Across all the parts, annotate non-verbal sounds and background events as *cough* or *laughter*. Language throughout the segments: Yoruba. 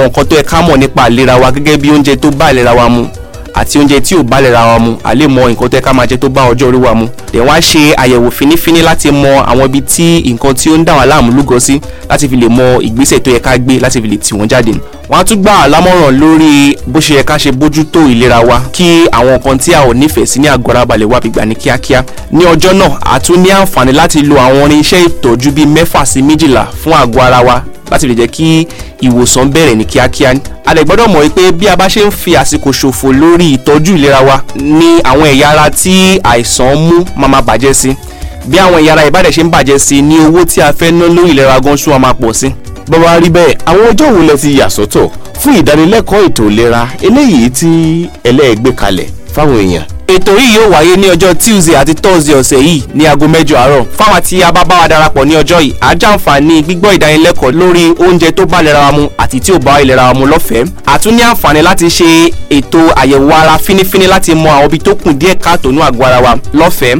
àwọn nǹkan tó yẹ ká mọ̀ nípa ìlera wa gẹ́gẹ́ bí oúnjẹ tó bá ìlera wa mu àti oúnjẹ tí ò bá ìlera wa mu a lè mọ nǹkan tó yẹ ká máa jẹ tó bá ọjọ́ orí wa mu dẹ̀ wá ṣe àyẹ̀wò fínífíní láti mọ àwọn ibi tí nǹkan tí ó ń dà wá láàmú lúgọ sí láti fi lè mọ ìgbésẹ̀ tó yẹ ká gbé láti fi lè tì wọ́n jáde wọ́n á tún gbà lámọ̀ràn lórí bó ṣe yẹ ká ṣe bójútó ìlera wa kí àwọn nǹkan tí a ò nífẹ̀ẹ́ sí ní àgọ́ ara balẹ̀ wá fi gbà ní kíákíá ní ọjọ́ náà a tún ní àǹfààní láti lo àwọn irinṣẹ́ ìtọ́jú bíi mẹ́fà sí méjìlá fún àgọ́ ara wa láti lè jẹ́ kí ìwòsàn bẹ̀rẹ̀ ní kíákíá a lè gbọ́dọ̀ mọ̀ pé bí a bá ṣe ń fi àsìkò ṣòfò lórí ìtọ́jú ìlera wa ní àwọn ẹ̀yà ara tí àìsàn mú máa máa bàjẹ́ sí bí àwọn ẹ̀yà ara ìbàdẹ̀ ṣe ń bàjẹ́ sí ní owó tí a fẹ́ ná lórí ìlera gan sún máa pọ̀ sí bàbá rí bẹ́ẹ̀ àwọn ọjọ́ wo lẹ ti yà sọ́tọ̀ fún ìdánilẹ́kọ̀ọ́ ètò ìlera eléyìí tí ẹlẹ́ẹ̀gbẹ́ kalẹ̀ fáwọn èèyàn ètò yìí yóò wáyé ní ọjọ́ tuesday àti thursday ọ̀sẹ̀ yìí ní aago mẹ́jọ àárọ̀ fáwọn àti abábáwa darapọ̀ ní ọjọ́ yìí ajáǹfààní gbígbọ́ ìdánilẹ́kọ̀ọ́ lórí oúnjẹ tó bá ìlera wa mu àti tí ò bá ìlera wa mu lọ́fẹ̀ẹ́ àtún ní àǹfààní láti ṣe ètò àyẹ̀wò ara fínífíní láti mọ àwọn ibi tó kù díẹ̀ káàtó ní àgọ́ ara wa lọ́fẹ̀ẹ́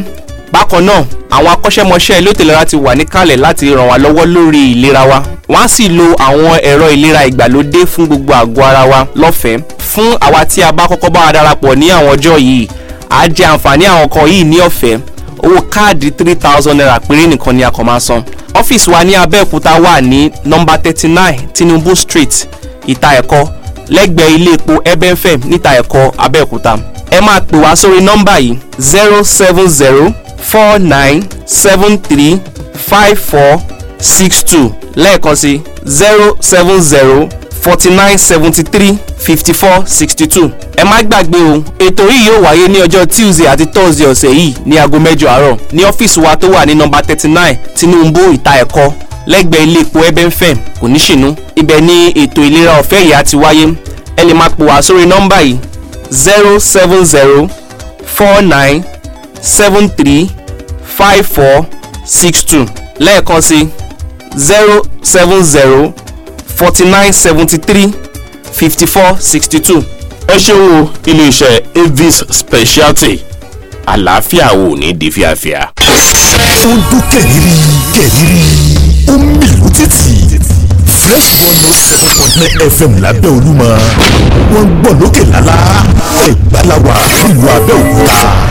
bákan náà àwọn akọ́ṣẹ́mọṣẹ́ elétò ìlera ti wà níkàlẹ̀ láti ràn wá lọ́wọ́ lórí ìlera wa wọ́n á sì lo àwọn ẹ̀rọ ìlera ìgbàlódé fún gbogbo àgọ́ ara wa lọ́fẹ̀ẹ́ fún àwa tí a bá kọ́kọ́ bá wa darapọ̀ ní àwọn ọjọ́ yìí á jẹ àǹfààní àwọn kan yìí ní ọ̀fẹ́ owó káàdì three thousand naira péré nìkan ni a kàn máa san. ọ́fíìsì wa ní abẹ́òkúta wà ní nọ́mbà thirty nine tinubu street ìta ẹ̀kọ́ lẹ́gbẹ̀ẹ́ ilé epo ebenfem níta ẹ̀kọ́ abẹ́òkúta. ẹ máa pè wá sórí nọ́mbà yìí zero seven zero four nine seven three five four six two lẹ́ẹ̀kan sí zero seven zero forty nine seventy three fifty four sixty two. ẹ má gbàgbé o ètò yìí yóò wáyé ní ọjọ́ tuesday àti thursday ọ̀sẹ̀ yìí ní aago mẹ́jọ àárọ̀ ní ọ́fíìsì wa tó wà ní nọ́mbà thirty nine tinubu ìta ẹ̀kọ́ lẹ́gbẹ̀ẹ́ ilé epo ebenfem kò ní ṣìnú ibẹ̀ ni ètò ìlera ọ̀fẹ́ yìí á ti wáyé ẹ lè máa pò wá sórí nọ́mbà yìí zero seven zero four nine seven three five four six two lẹ́ẹ̀kan sí zero seven zero forty nine seventy three fifty four sixty two. ẹ ṣeun o iléeṣẹ́ avis speciality àlàáfíà ò ní di fíafíà. ó ń dún kẹ̀rìírí kẹ̀rìírí ó ń mìlú títì fresh one note oh seven point nine fm lábẹ́ olúmọ wọ́n ń gbọ́ lókè lálá ẹ̀gbá la wà nílùú abẹ́òkúta.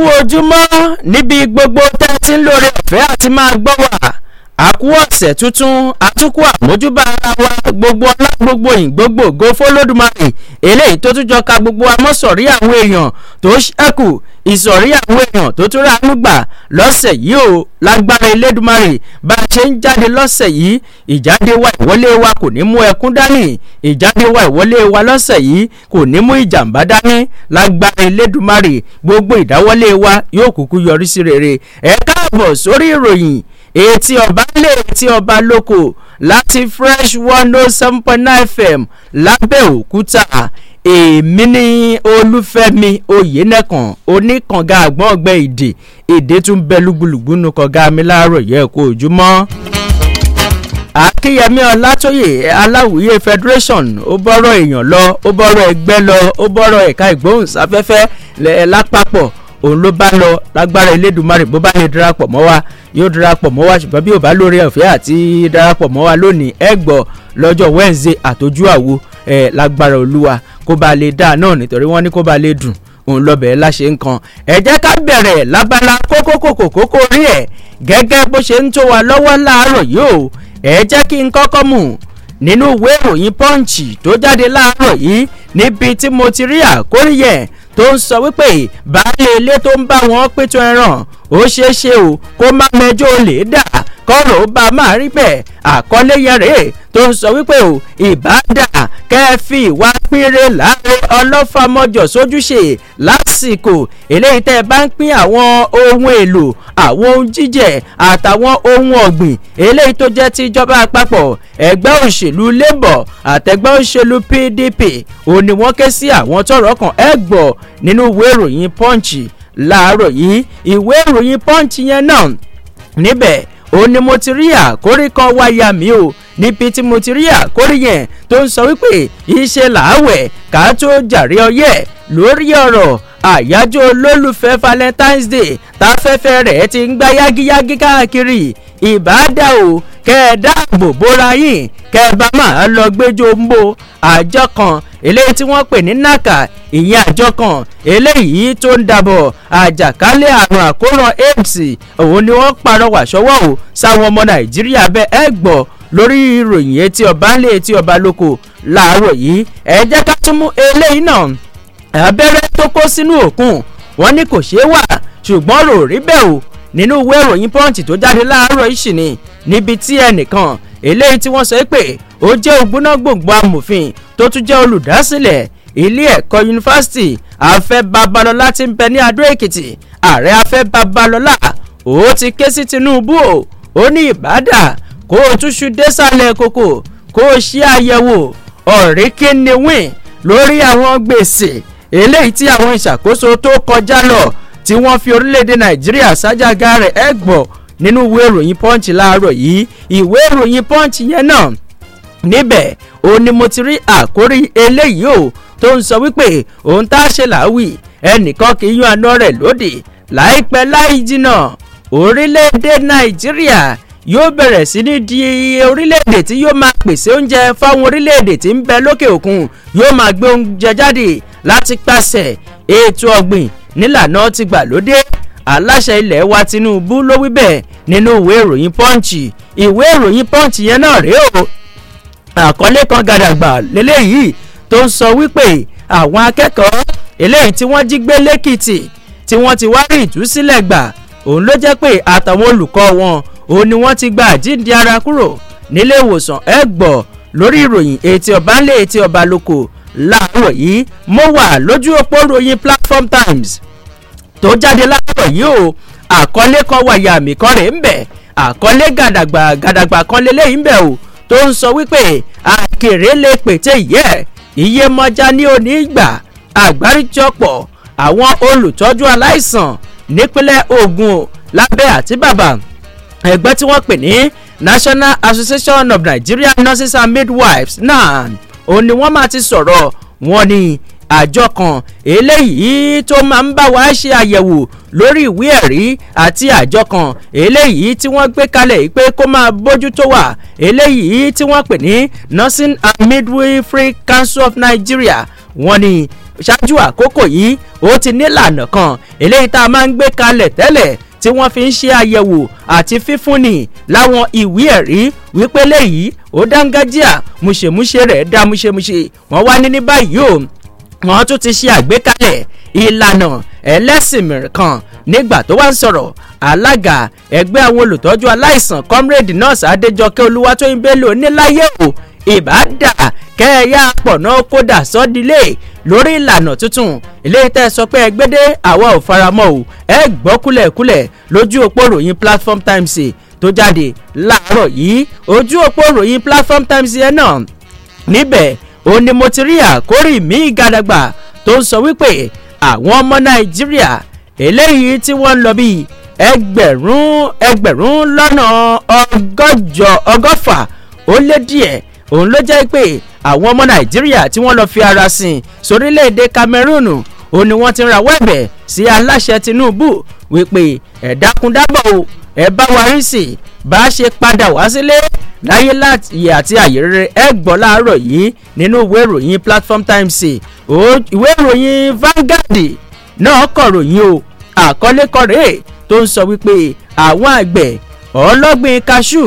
kú ojúmọ́ níbi gbogbo tẹ́ ẹ ti ń lóore ọ̀fẹ́ àti máa gbọ́ wà àkú ọ̀sẹ̀ tuntun àtúnkù àmójúbà ara wa gbogbo ọlá gbogbo yìn gbogbo ògo fọlọ́dúnmarè eléyìí tó tún jọ ka gbogbo amọ́sọ̀rí àwọn èèyàn tó ṣẹ́kù ìsọ̀rí àwọn èèyàn tó tún ránú gbà lọ́sẹ̀ yìí o lágbára elédùnmarè bá a ṣe ń jáde lọ́sẹ̀ yìí ìjáde wa ìwọlé wa kò ní mú ẹkún dání ìjáde wa ìwọlé wa lọ́sẹ̀ yìí kò ní mú ìjàmbá dání lágbára elédùnmarè gbogbo ìdáwọ́lé wa yóò kúkú yọrí sí rere ẹ káàbọ̀ sórí ìròyìn etí ọba lé etí ọba lóko láti fresh one oh seven point nine fm lábẹ́òkúta èmi ní olúfẹ́mi oyènẹ́kan oníkànga àgbọ̀n ọ̀gbẹ́ ìdè èdè tún bẹ lúgbúlùgbú nu mi láàárọ̀ yẹ kó ojúmọ́. akínyẹmí ọlátóyè aláwìyé federation ó bọ́rọ̀ èèyàn lọ ó bọ́rọ̀ ẹgbẹ́ lọ ó bọ́rọ̀ ẹ̀ka ìgbóhùnsáfẹ́fẹ́ lápapọ̀ òun ló bá lọ lágbára Elédùmarè bó bá lè darapọ̀ mọ́ wa yóò darapọ̀ mọ́ wa ṣùgbọ́n bí ò bá lórí ọ̀fẹ́ àti darapọ̀ mọ́ wa lónìí ẹ lọ́jọ́ Wednesday àtọ́jú àwo ẹ̀ lágbára Olúwa kó ba lè dáa náà nítorí wọ́n ní kó ba lè dùn òun lọ́bẹ̀ láṣẹ nǹkan ẹ jẹ́ ká bẹ̀rẹ̀ lábala kókókòkókó rí ẹ̀ gẹ́gẹ́ bó ṣe ń tó wa lọ́wọ́ láàárọ̀ yìí ẹ jẹ́ kí n kọ́kọ́ mú nínú ìwé ìròyìn pọ́ǹchì tó jáde láàárọ̀ yìí níbi tí mo ti rí àkórí yẹn tó ń sọ wípé baálé ilé tó ń bá wọn pẹ̀tù ẹran ó ṣeé ṣe o kó má mẹjọ olè dà kọ́rọ̀ ó bá máa rí bẹ́ẹ̀ àkọlé yẹn rèé tó ń sọ wípé o ìbádà kẹ́ẹ̀fì wá pínrẹ́ láàrin ọlọ́fàmọ́jọ sójúṣe lásìkò eléyìí tẹ́ ẹ bá ń pín àwọn ohun èlò àwọn ohun jíjẹ àtàwọn ohun ọ̀gbìn eléyìí tó jẹ́ ti ìjọba àpapọ̀ ẹgbẹ́ òṣèlú labour àtẹgbẹ́ òṣèlú pdp òun ni wọ́n ké sí àwọn tọ́rọ̀ kan ẹ gbọ́ nínú ìwé ìròyìn punch láàárọ̀ yìí ìwé ìròyìn punch yẹn náà níbẹ̀ ó ní mo ti rí àkórí kan wáyà mi o níbi tí mo ti rí àkórí yẹn tó ń sọ wípé iṣẹ́ làáwẹ̀ ká tó jàre ọyẹ́ lórí ọ̀rọ̀ àyájọ́ olólùfẹ́ valentine's day táfẹ́fẹ́ rẹ̀ ti ń gbá yágíyágí káàkiri ìbádà o kẹ́ ẹ dáàbò bóra yìí kẹ́ ẹ bá máa lọ gbẹ́jọ́ ń bò àjọ kan eléyìí tí wọ́n pè ní naka ìyẹn àjọ kan eléyìí tó ń dàbọ̀ àjàkálẹ̀ àrùn àkóràn aids òun ni wọ́n parọ́wà sọ́wọ́ o sáwọn ọmọ nàìjíríà bẹ́ẹ̀ ẹ gbọ́ lórí ìròyìn etí ọba ńlẹ̀ etí ọba lóko láàárọ̀ yìí ẹ jẹ́ ká tún mú eléyìí náà abẹ́rẹ́ tó kó sínú òkun wọ́n ní kò ṣeé wà ṣùgbọ́n rò rí bẹ́ẹ̀ o nínú ìwé ìròyìn pọ́ǹtì tó jáde láàárọ̀ yìí ni níbi tí ẹnìkan eléyìí tí wọ́n sọ pé ó jẹ́ ògbóná gbòǹgbò amòfin tó tún jẹ́ olùdásílẹ̀ ilé ẹ̀kọ́ yunifásitì afẹ́ babalọ́lá ti ń bẹ ní adó èkìtì ààrẹ afẹ́ babalọ́lá ó ti ké sí tinubu o ó ní ìbádà kó o túṣu désàlẹ̀ kòkò kó o ṣe àyẹ̀wò ọ̀rí kí ni wín lórí àwọn gbèsè eléyìí tí àwọn ìṣàkóso tó kọjá lọ tí wọ́n fi orílẹ̀-èdè nàìjíríà ṣájàgá rẹ̀ ẹ̀ gbọ́ nínú ìwé ìròyìn punch láàárọ̀ yìí ìwé ìròyìn punch yẹn náà níbẹ̀ òun ni mo ti rí àkórí eléyìí o tó ń sọ wípé òun tá a ṣe làwì ẹnìkan kì í yan àná rẹ̀ lódì láìpẹ́ láì jìnnà orílẹ̀-èdè nàìjíríà yóò bẹ̀rẹ̀ sí ní di orílẹ̀-èdè tí yóò máa pèsè oúnjẹ fáwọn orílẹ̀-èdè tí ń bẹ lókè òkun yóò máa gbé oúnjẹ jáde láti pàṣẹ ètò ọ̀gbìn nílànà tìgbàlódé aláṣẹ ilẹ̀ wa Tinubu ló wí bẹ́ẹ̀ nínú ìwé ìròyìn Punch ìwé ìròyìn Punch yẹn náà rèé o àkọlé kan gàdàgbà lélẹ́yìí tó ń sọ wípé àwọn akẹ́kọ̀ọ́ eléyìí tí wọ́n jí gbé lẹ́kìtì tí wọ́n ti wá rí ìtúsílẹ̀ gbà òun ló jẹ́ pé àtàwọn olùkọ́ wọn òun ni wọ́n ti gba àjíǹde ara kúrò nílé ìwòsàn ẹ gbọ́ lórí ìròyìn etí ọba ńlẹ̀ etí ọba lóko láàárọ̀ yìí mo wà lójú òpó ròyìn Platform Times tó jáde láàárọ̀ yìí o àkọlé kan wà ya àmì kan rè ń bẹ̀ àkọlé gàdàgbà gàdàgbà kan lélẹ́yìí ń bẹ̀ o tó ń sọ wípé àkèrè lè pète yẹ iye mọ́já ní onígbà àgbáríjọpọ̀ àwọn olùtọ́jú aláìsàn nípínlẹ̀ Ògùn lábẹ́ àti bàbá ẹgbẹ́ tí wọ́n pè ní National Association of Nigerian Nurses and Midwives NAN òun ni wọ́n máa ti sọ̀rọ̀ wọ́n ní àjọ kan eléyìí tó máa ń bá wa ṣe àyẹ̀wò lórí ìwé ẹ̀rí àti àjọ kan eléyìí tí wọ́n gbé kalẹ̀ pé kó máa bójútó wa eléyìí tí wọ́n pè ní nursing and midwifery council of Nigeria wọ́n ní ṣáájú àkókò yìí ó ti nílànà kan eléyìí tá a máa ń gbé kalẹ̀ tẹ́lẹ̀ tí wọ́n fi ń ṣe àyẹ̀wò àti fífúnni láwọn ìwé ẹ̀rí wípé léyìí ó dángájíà múṣemúṣe rẹ̀ dá múṣemúṣe wọ́n wá ní ní báyìí o wọ́n tún ti ṣe àgbékalẹ̀ ìlànà ẹlẹ́sìn mìíràn kan nígbà tó wá ń sọ̀rọ̀ alága ẹgbẹ́ àwọn olùtọ́jú aláìsàn comrade nurse adéjọkẹ́ olúwatóyìn bello níláyé o ìbádà kẹ́ẹ̀yà pọ̀nà kódà sọ́dílé lórí ìlànà tuntun ilé tẹ́ sọ pé ẹgbẹ́dẹ́ àwa ò faramọ́ o ẹ gbọ́ kúlẹ̀kúlẹ̀ lójú òpó ròyìn platform times tó jáde láàárọ̀ yìí ojú òpó ròyìn platform times yẹn náà níbẹ̀ òun ni mo ti rí àkórí mi gàdàgbà tó ń sọ wípé àwọn ọmọ nàìjíríà eléyìí tí wọ́n ń lọ bíi ẹgbẹ̀rún ẹgbẹ̀rún lọ́nà ọgọ́jọ ọgọ́fà ó lé díẹ̀ òun ló jẹ́ pé àwọn ọmọ nàìjíríà tí wọ́n lọ fi ara sìn sórílẹ̀-èdè Cameroon òun ni wọ́n ti rawọ́ ẹ̀bẹ̀ sí aláṣẹ Tinubu wípé ẹ dákun ẹ bá wa rí sí bá a ṣe padà wá sílé láyé láti àti àyè rere ẹ gbọ́ láàárọ̀ yìí nínú ìwé ìròyìn platform times ìwé ìròyìn Vanguard náà kọ̀ròyìn o àkọlé kọ̀rẹ́ tó ń sọ wípé àwọn àgbẹ̀ ọlọ́gbìn kaṣú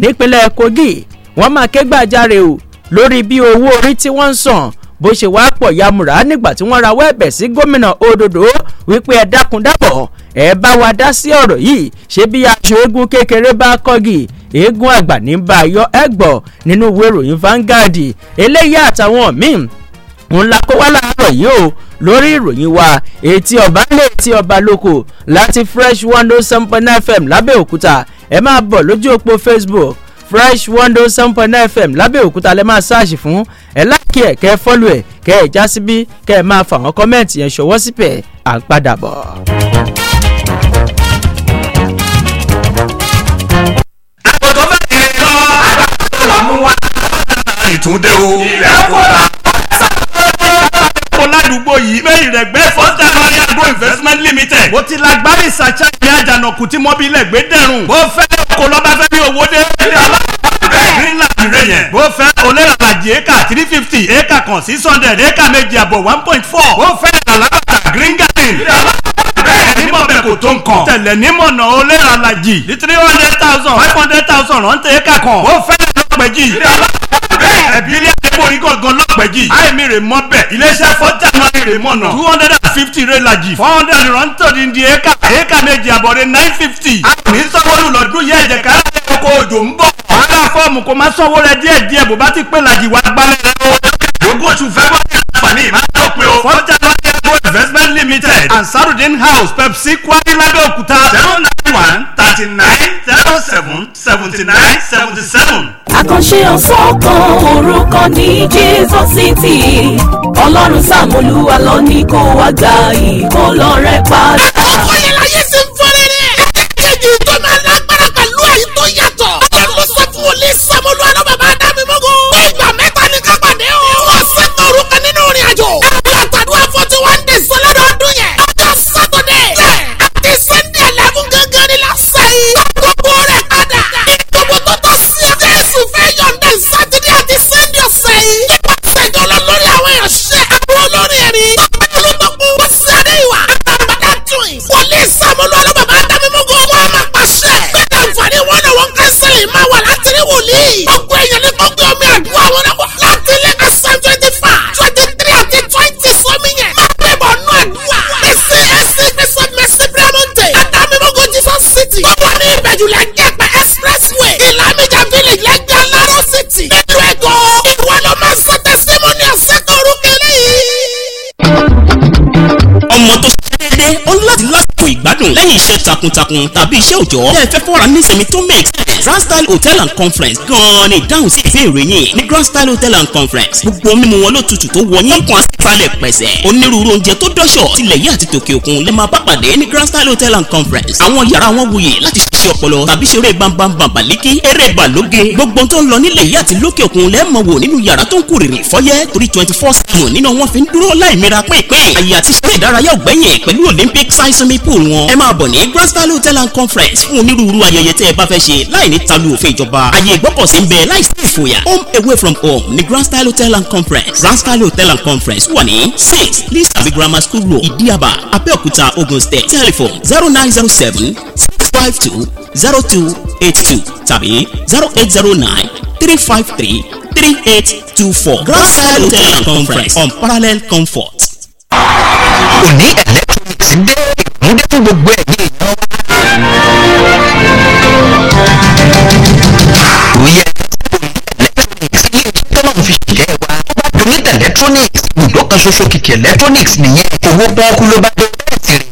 nípínlẹ̀ Kogi wọ́n máa ké gbàjarè o lórí bí owó orí tí wọ́n ń san bó ṣe wá pọ̀ yamura nígbà tí wọ́n rawọ́ ẹ̀bẹ̀ sí gómìnà Òdòdó wípé ẹ dákun dábọ̀ ẹ bá wa dá sí ọ̀rọ̀ yìí ṣé bí aṣọ eégún kékeré bá kọ́gì eégún àgbà ní bá yọ ẹgbọ̀ nínú ìwé ìròyìn Vanguard eléyìí àtàwọn míì òun la kó wá láàárọ̀ yìí o lórí ìròyìn wa etí ọba lé etí ọba lóko láti fresh one oh seven point nine fm lábẹ́òkúta ẹ máa bọ̀ lójú òpó facebook fresh one oh seven point nine fm lábẹ́òkúta lẹ máa ṣáàṣì fún ẹ láàkì ẹ̀ kẹ ẹ fọ́lù ẹ̀ kẹ́ ẹ já síbí kẹ́ ẹ máa fà wọ́n kọ́mẹ́ǹtì yẹn ṣọwọ́ síbẹ̀ à ń padà bọ̀. àmúwá ìtúndé o. ìlẹ̀kùnà ọ̀pọ̀ ládùúgbò yìí bẹ́ẹ̀ ìrẹ̀gbẹ́ fọ́tà lórí agro investment limited. mo ti la gbárí ìsàchá ìyá àjànàkú tí mọ́bílẹ̀ gbé dẹ̀rùn. bó fẹ́ kó lọ́ba fẹ́ bí owó dé. ilé aláàbò bẹ́ẹ̀ greenland rẹ̀ yẹn. bó fẹ́ olérànlájì éka three fifty éka kan six hundred éka méjì àbọ̀ one point four. bó fẹ́ ìrànlábàtà green garden. ilé aláàbò kò tó nǹkan. tẹ̀lẹ̀ nímọ̀nà olè alajì ní three hundred thousand five hundred thousand rántẹ́ ẹ̀ka kan. ó fẹ́ lọ́pẹ̀jì. bẹ́ẹ̀ bílíọ̀nù orí gangan lọ́pẹ̀jì. àìmí rè mọ́ bẹ́ẹ̀. iléeṣẹ́ fọ́jà náà rè mọ́ náà. two hundred and fifty rẹ̀ lajì. four hundred rántọ́ di di éka. éka méjì àbọ̀rẹ̀ nine fifty. a ní sanwó-olú lọ́dún yẹ ẹ̀jẹ̀ kára ọkọ̀ òjò ń bọ̀. wàhálà fọ́ọ̀mù kò máa sanwó rẹ̀ díẹ̀ díẹ̀ bó bá ti pé lajì wá gbalẹ̀ rẹ̀ o. oṣù fẹ́fọ́ ní àǹfààní ìmáà lọ́pẹ́ o. fọ́jà náà investment limited and sarudin house pepsi wáyé ládòkúta zero nine one thirty nine zero seven seventy nine seventy seven. àkànṣe ọ̀sán kan orúkọ ní Jesus City ọlọ́run sàmúlùwà lọ ní kó wá gba ìkólọ́rẹ́ padà. iṣẹ́ takuntakun tàbí iṣẹ́ òjọ́ tẹ́ fẹ́ fọ́ra nísìmí tó make sense grand style hotel and conference gan-an ni ìdáhùn sí ìbéèrè yín ní grand style hotel and conference gbogbo mímu wọn ló tutù tó wọ yín kan àtìpalẹ̀ pẹ̀sẹ̀ onírúurú oúnjẹ tó dọ́ṣọ̀ tilẹ̀ yìí àti tòkè òkun lè máa bá pàdé ní grand style hotel and conference àwọn yàrá wọn wuyì láti ṣe ọpọlọ tàbí ṣeré gbàǹbàǹbà bàlíkì eré bàlóge gbogbo tó ń lọ nílẹ̀ yìí àti lókè òkun lẹ́ẹ̀ mọ̀ wò nínú yàrá tó ń kúrìrì fọ́yẹ́ torí twenty four seven nínú wọn fi ń dúró láìmira pínpín àyè àti ṣeré ìdárayá ògbẹ́yìn pẹ̀lú olympic size swimming pool wọn ẹ máa bọ̀ darapọ̀ ní Hotel and conference fún onírúurú ayẹyẹ tẹ́ ẹ bá fẹ́ ṣe láì ní talu òfin ìjọba ayé ìgbọ́kọ̀sí ń bẹ láì sí ìfòyà home away from home ní grastalu talent conference grastalu talent conference wà ní six lee sabi grammar school road ìdíyàbá abẹ́òkúta ogun state telephone zero nine zero seven six five two zero two eight two tàbí zero eight zero nine three five three three eight two four Hotel and conference on parallel comfort. òní electronics ń dé mú dé fún gbogbo ẹ̀mí èèyàn wá. òye electronics ilé iṣẹ́ tọ́lọ́mù fi ṣiṣẹ́ wa tó bá donate electronics ibùdó kan ṣoṣo kìkì electronics nìyẹn owó pọ́ọ́kú ló bá dé bẹ́ẹ̀ sì rè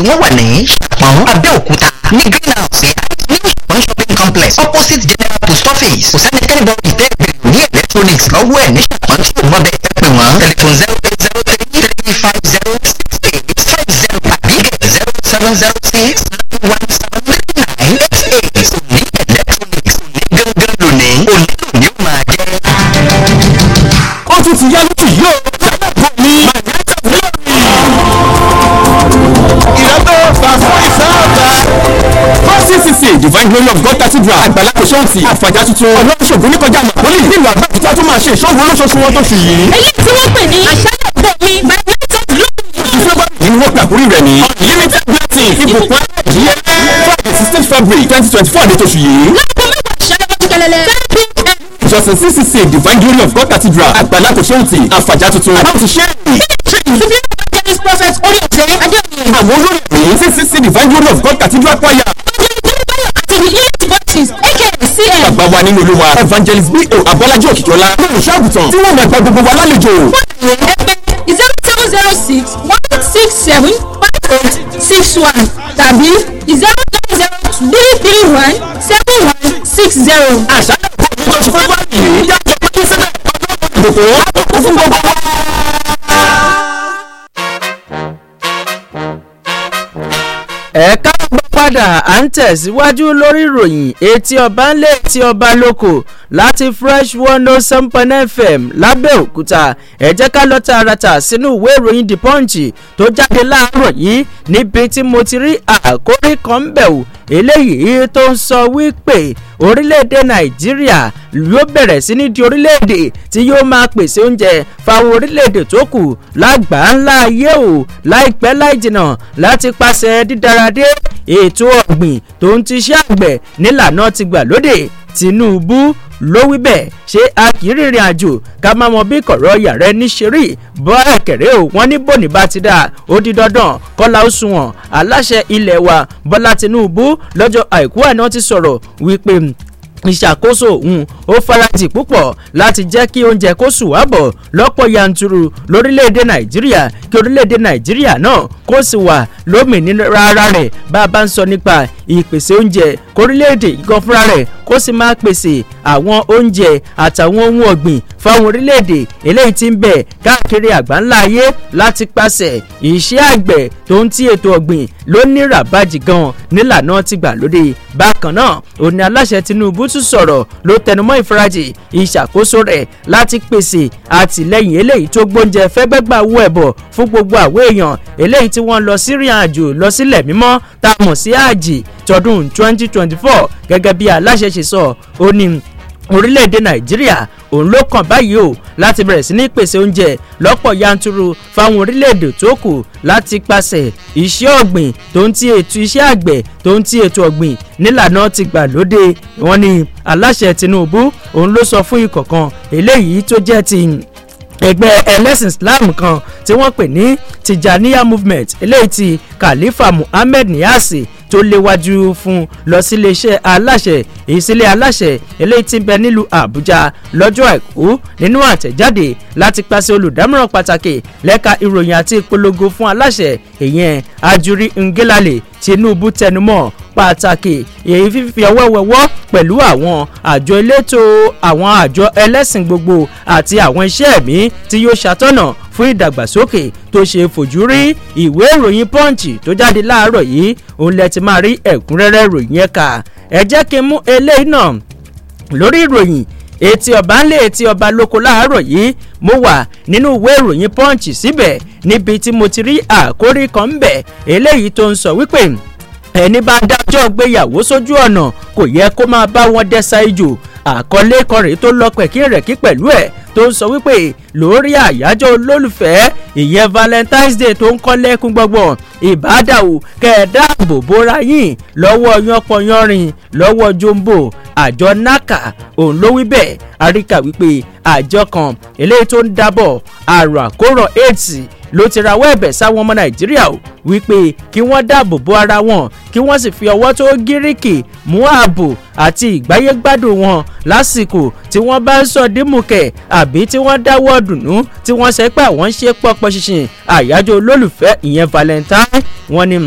sí wọ́n wà ní ṣàpọ̀n abẹ́òkúta ní greenhouse ní ṣàpọ̀n shopping complex opposite general post office kò sẹ́ni kẹ́nìbọ̀dì tẹ́ ìbẹ̀rù ní electronics lọ́wọ́ ẹ̀ ní ṣàpọ̀n tí òun ọbẹ̀ ẹ pè wọ́n telephone zero eight zero three three five zero six eight five zero tàbí zero seven zero six nine one. divine glory of God cathedral àgbàlá kò ṣọ́ọ̀tì àfàjà tuntun ọlọ́run ṣògùn níkọjá màkólì nílùú àbẹ́òkúta tó máa ṣe ìṣọ́gun olóṣooṣù wọn tó ṣù yìí. èyí tí wọ́n pè ní àṣàyàn bòmí by nature glory. ìlú wọn kàkúrú rẹ ní. unlimited blessing ibùkún aláàjíyẹ friday sixteen february twenty twenty four àdètò ṣù yìí. láàbò mẹ́wàá ṣẹlẹ̀ ìjọsìn ccc divine glory of God cathedral àgbàlá kò ṣọ́ọ̀tì àfàjà tuntun àbáwò ti ṣe é. Prophet Orí Ọ̀sẹ̀ Adéoyè. Àwọn olórí ìpè yìí sí CC Divine Glory of God Cathedral Choir churches aka cm. bàbá nínú olúwa evangelist bo abọ́lájí òkìkíọ́lá olùṣọ́ àgùntàn tí wọ́n mọ̀ ẹ̀kọ́ gbogbo wa fún àwọn ẹgbẹ́ zero seven zero six one six seven five eight six one tàbí zero nine zero three three one seven one six zero. àṣà ìgbà tó fẹ́ wá yìí yàtọ̀ pé sílẹ̀ ọjọ́ ìdòkó àkókò fún gbogbo wa. ẹ̀ka kódà à ń tẹ̀síwájú lórí ìròyìn etí ọba ńlẹ̀ etí ọba lóko láti fresh one oh seven point nine fm lábẹ́òkúta ẹ jẹ́ ká lọ tààràtà sínú ìwé ìròyìn the punch tó jáde láàárọ̀ yìí níbi tí mo ti rí àkórí kan bẹ̀ wò eléyìí tó ń sọ wípé orílẹ̀-èdè nàìjíríà yóò bẹ̀rẹ̀ sí ní di orílẹ̀-èdè tí yóò máa pèsè oúnjẹ fáwọn orílẹ̀-èdè tó kù lágbàá ńlá ayé o láìpẹ́ láìjìnà láti pàṣẹ dídáradé ètò ọ̀gbìn tó ń tiṣẹ́ àgbẹ̀ nílànà tìgbàlódé Tinubu ló wí bẹ́ẹ̀ ṣé a kì í rìnrìn àjò ká má mọ bí kọ̀rọ̀ yàrá ẹni ṣe rí bọ́ ẹ̀kẹ́rẹ́ o wọ́n ní bòní bá ti dà ó di dandan kọ́lá ó sunwọ̀n aláṣẹ ilẹ̀ wa Bọ́lá Tinubu lọ́jọ́ àìkú àná ti sọ̀rọ̀ wípé ìṣàkóso òun ó farati púpọ̀ láti jẹ́ kí oúnjẹ kó sùwábọ̀ lọ́pọ̀ yanturu lórílẹ̀‐èdè nàìjíríà kí orílẹ̀‐èdè nàìjíríà náà kó sì wà lómìnira ara rẹ̀ bá a bá ń sọ nípa ìpèsè oúnjẹ kórílẹ̀‐èdè gan fúnra rẹ̀ kó sì máa pèsè àwọn oúnjẹ àtàwọn ohun ọ̀gbìn fáwọn orílẹ̀‐èdè eléyìí tí ń bẹ káàkiri àgbáńlá ayé láti pàṣẹ iṣẹ́ àgbẹ̀ tó ń ti ètò ọ̀gbìn ló ní gan nílànà tìgbàlódé bákan náà òní aláṣẹ Tinubu tún sọ̀rọ̀ ló tẹnumọ́ ìfarajì ìṣàkóso rẹ̀ láti pèsè àtìlẹ́yìn eléyìí tó gbóúnjẹ fẹ́gbẹ́gbà owó ẹ̀bọ̀ fún gbogbo àwọn èèyàn eléyìí tí wọ́n lọ sí ìrìn àjò lọ sílẹ̀ mímọ́ tá a mọ̀ sí àjì tọdún 2024 gẹ́gẹ́ bí aláṣẹ ṣe sọ ó ní orílẹ̀-èdè nàìjíríà òun ló kàn báyìí o láti bẹ̀rẹ̀ sí ní pèsè oúnjẹ lọ́pọ̀ yanturu fáwọn orílẹ̀-èdè tó kù láti pàṣẹ iṣẹ́ ọ̀gbìn tó ń ti ètò iṣẹ́ àgbẹ̀ tó ń ti ètò ọ̀gbìn nílànà ti gbà lóde wọ́n ní aláṣẹ tinubu òun ló sọ fún ikọ̀ kan eléyìí tó jẹ́ ti ẹgbẹ́ ẹlẹ́sìn islam kan tí wọ́n pè ní tijaniya movement eléyìí ti khalifa muhammed niasi tó léwájú fún lọ sí iléeṣẹ́ aláṣẹ ìsílẹ aláṣẹ eléyìí tí ń bẹ nílùú àbújá lọ́jọ́ àìkú nínú àtẹ̀jáde láti pàṣẹ olùdámọ̀ràn pàtàkì lẹ́ka ìròyìn àti ìpolongo fún aláṣẹ ìyẹn ajuri ngelale tinubu tẹnumọ́ pàtàkì èyí fífi ọwọ́ wẹ̀wọ́ pẹ̀lú àwọn àjọ elétò àwọn àjọ ẹlẹ́sìn gbogbo àti àwọn iṣẹ́ ẹ̀mí tí yóò ṣàtọ̀nà fún ìdàgbàsókè tó ṣe fojú rí ìwé ìròyìn punch tó jáde láàárọ̀ yìí òun lẹ ti máa rí ẹ̀kúnrẹ́rẹ́ ìròyìn ẹ̀ka ẹ jẹ́ kí n mú eléyìí náà lórí ìròyìn etí ọba ńlẹ̀ etí ọba lóko láàárọ̀ yìí mo wà nínú ìwé ìròyìn punch síbẹ̀ níbi tí mo ti rí àkórí kan ń bẹ̀ eléyìí tó ń sọ wípé ẹni bá dájọ́ gbéyàwó sójú ọ̀nà kò yẹ kó máa bá wọn dẹ́sà ijó àkọlé kan rèé tó lọ pẹ̀kí rẹ̀kí pẹ̀lú ẹ̀ tó ń sọ wípé lórí àyájọ́ olólùfẹ́ ìyẹn valentine's day tó ń kọ́ lẹ́kún gbọ̀ngbọ̀n ìbádàwò kẹ̀ẹ́dàbò bóra yìn lọ́wọ́ yanpọ̀yanrìn lọ́wọ́ jombo àjọ naka òun ló wí bẹ́ẹ̀ àríkà wípé àjọ kan eléyìí tó ń dábọ̀ àrùn àkóràn aids ló ti rawọ́ ẹ̀bẹ̀ sáwọn ọmọ nàìjíríà o wípé kí wọ́n dáàbò bo ara wọn kí wọ́n sì fi ọwọ́ tó gíríkì mú ààbò àti ìgbáyégbádùn wọn lásìkò tí wọ́n bá ń sọ dímùkẹ̀ àbí tí wọ́n dáwọ́ dùnú tí wọ́n ṣe pé àwọn ń ṣe pọ́pọ́ ṣinṣin àyájọ́ olólùfẹ́ ìyẹn valentine wọ́n ní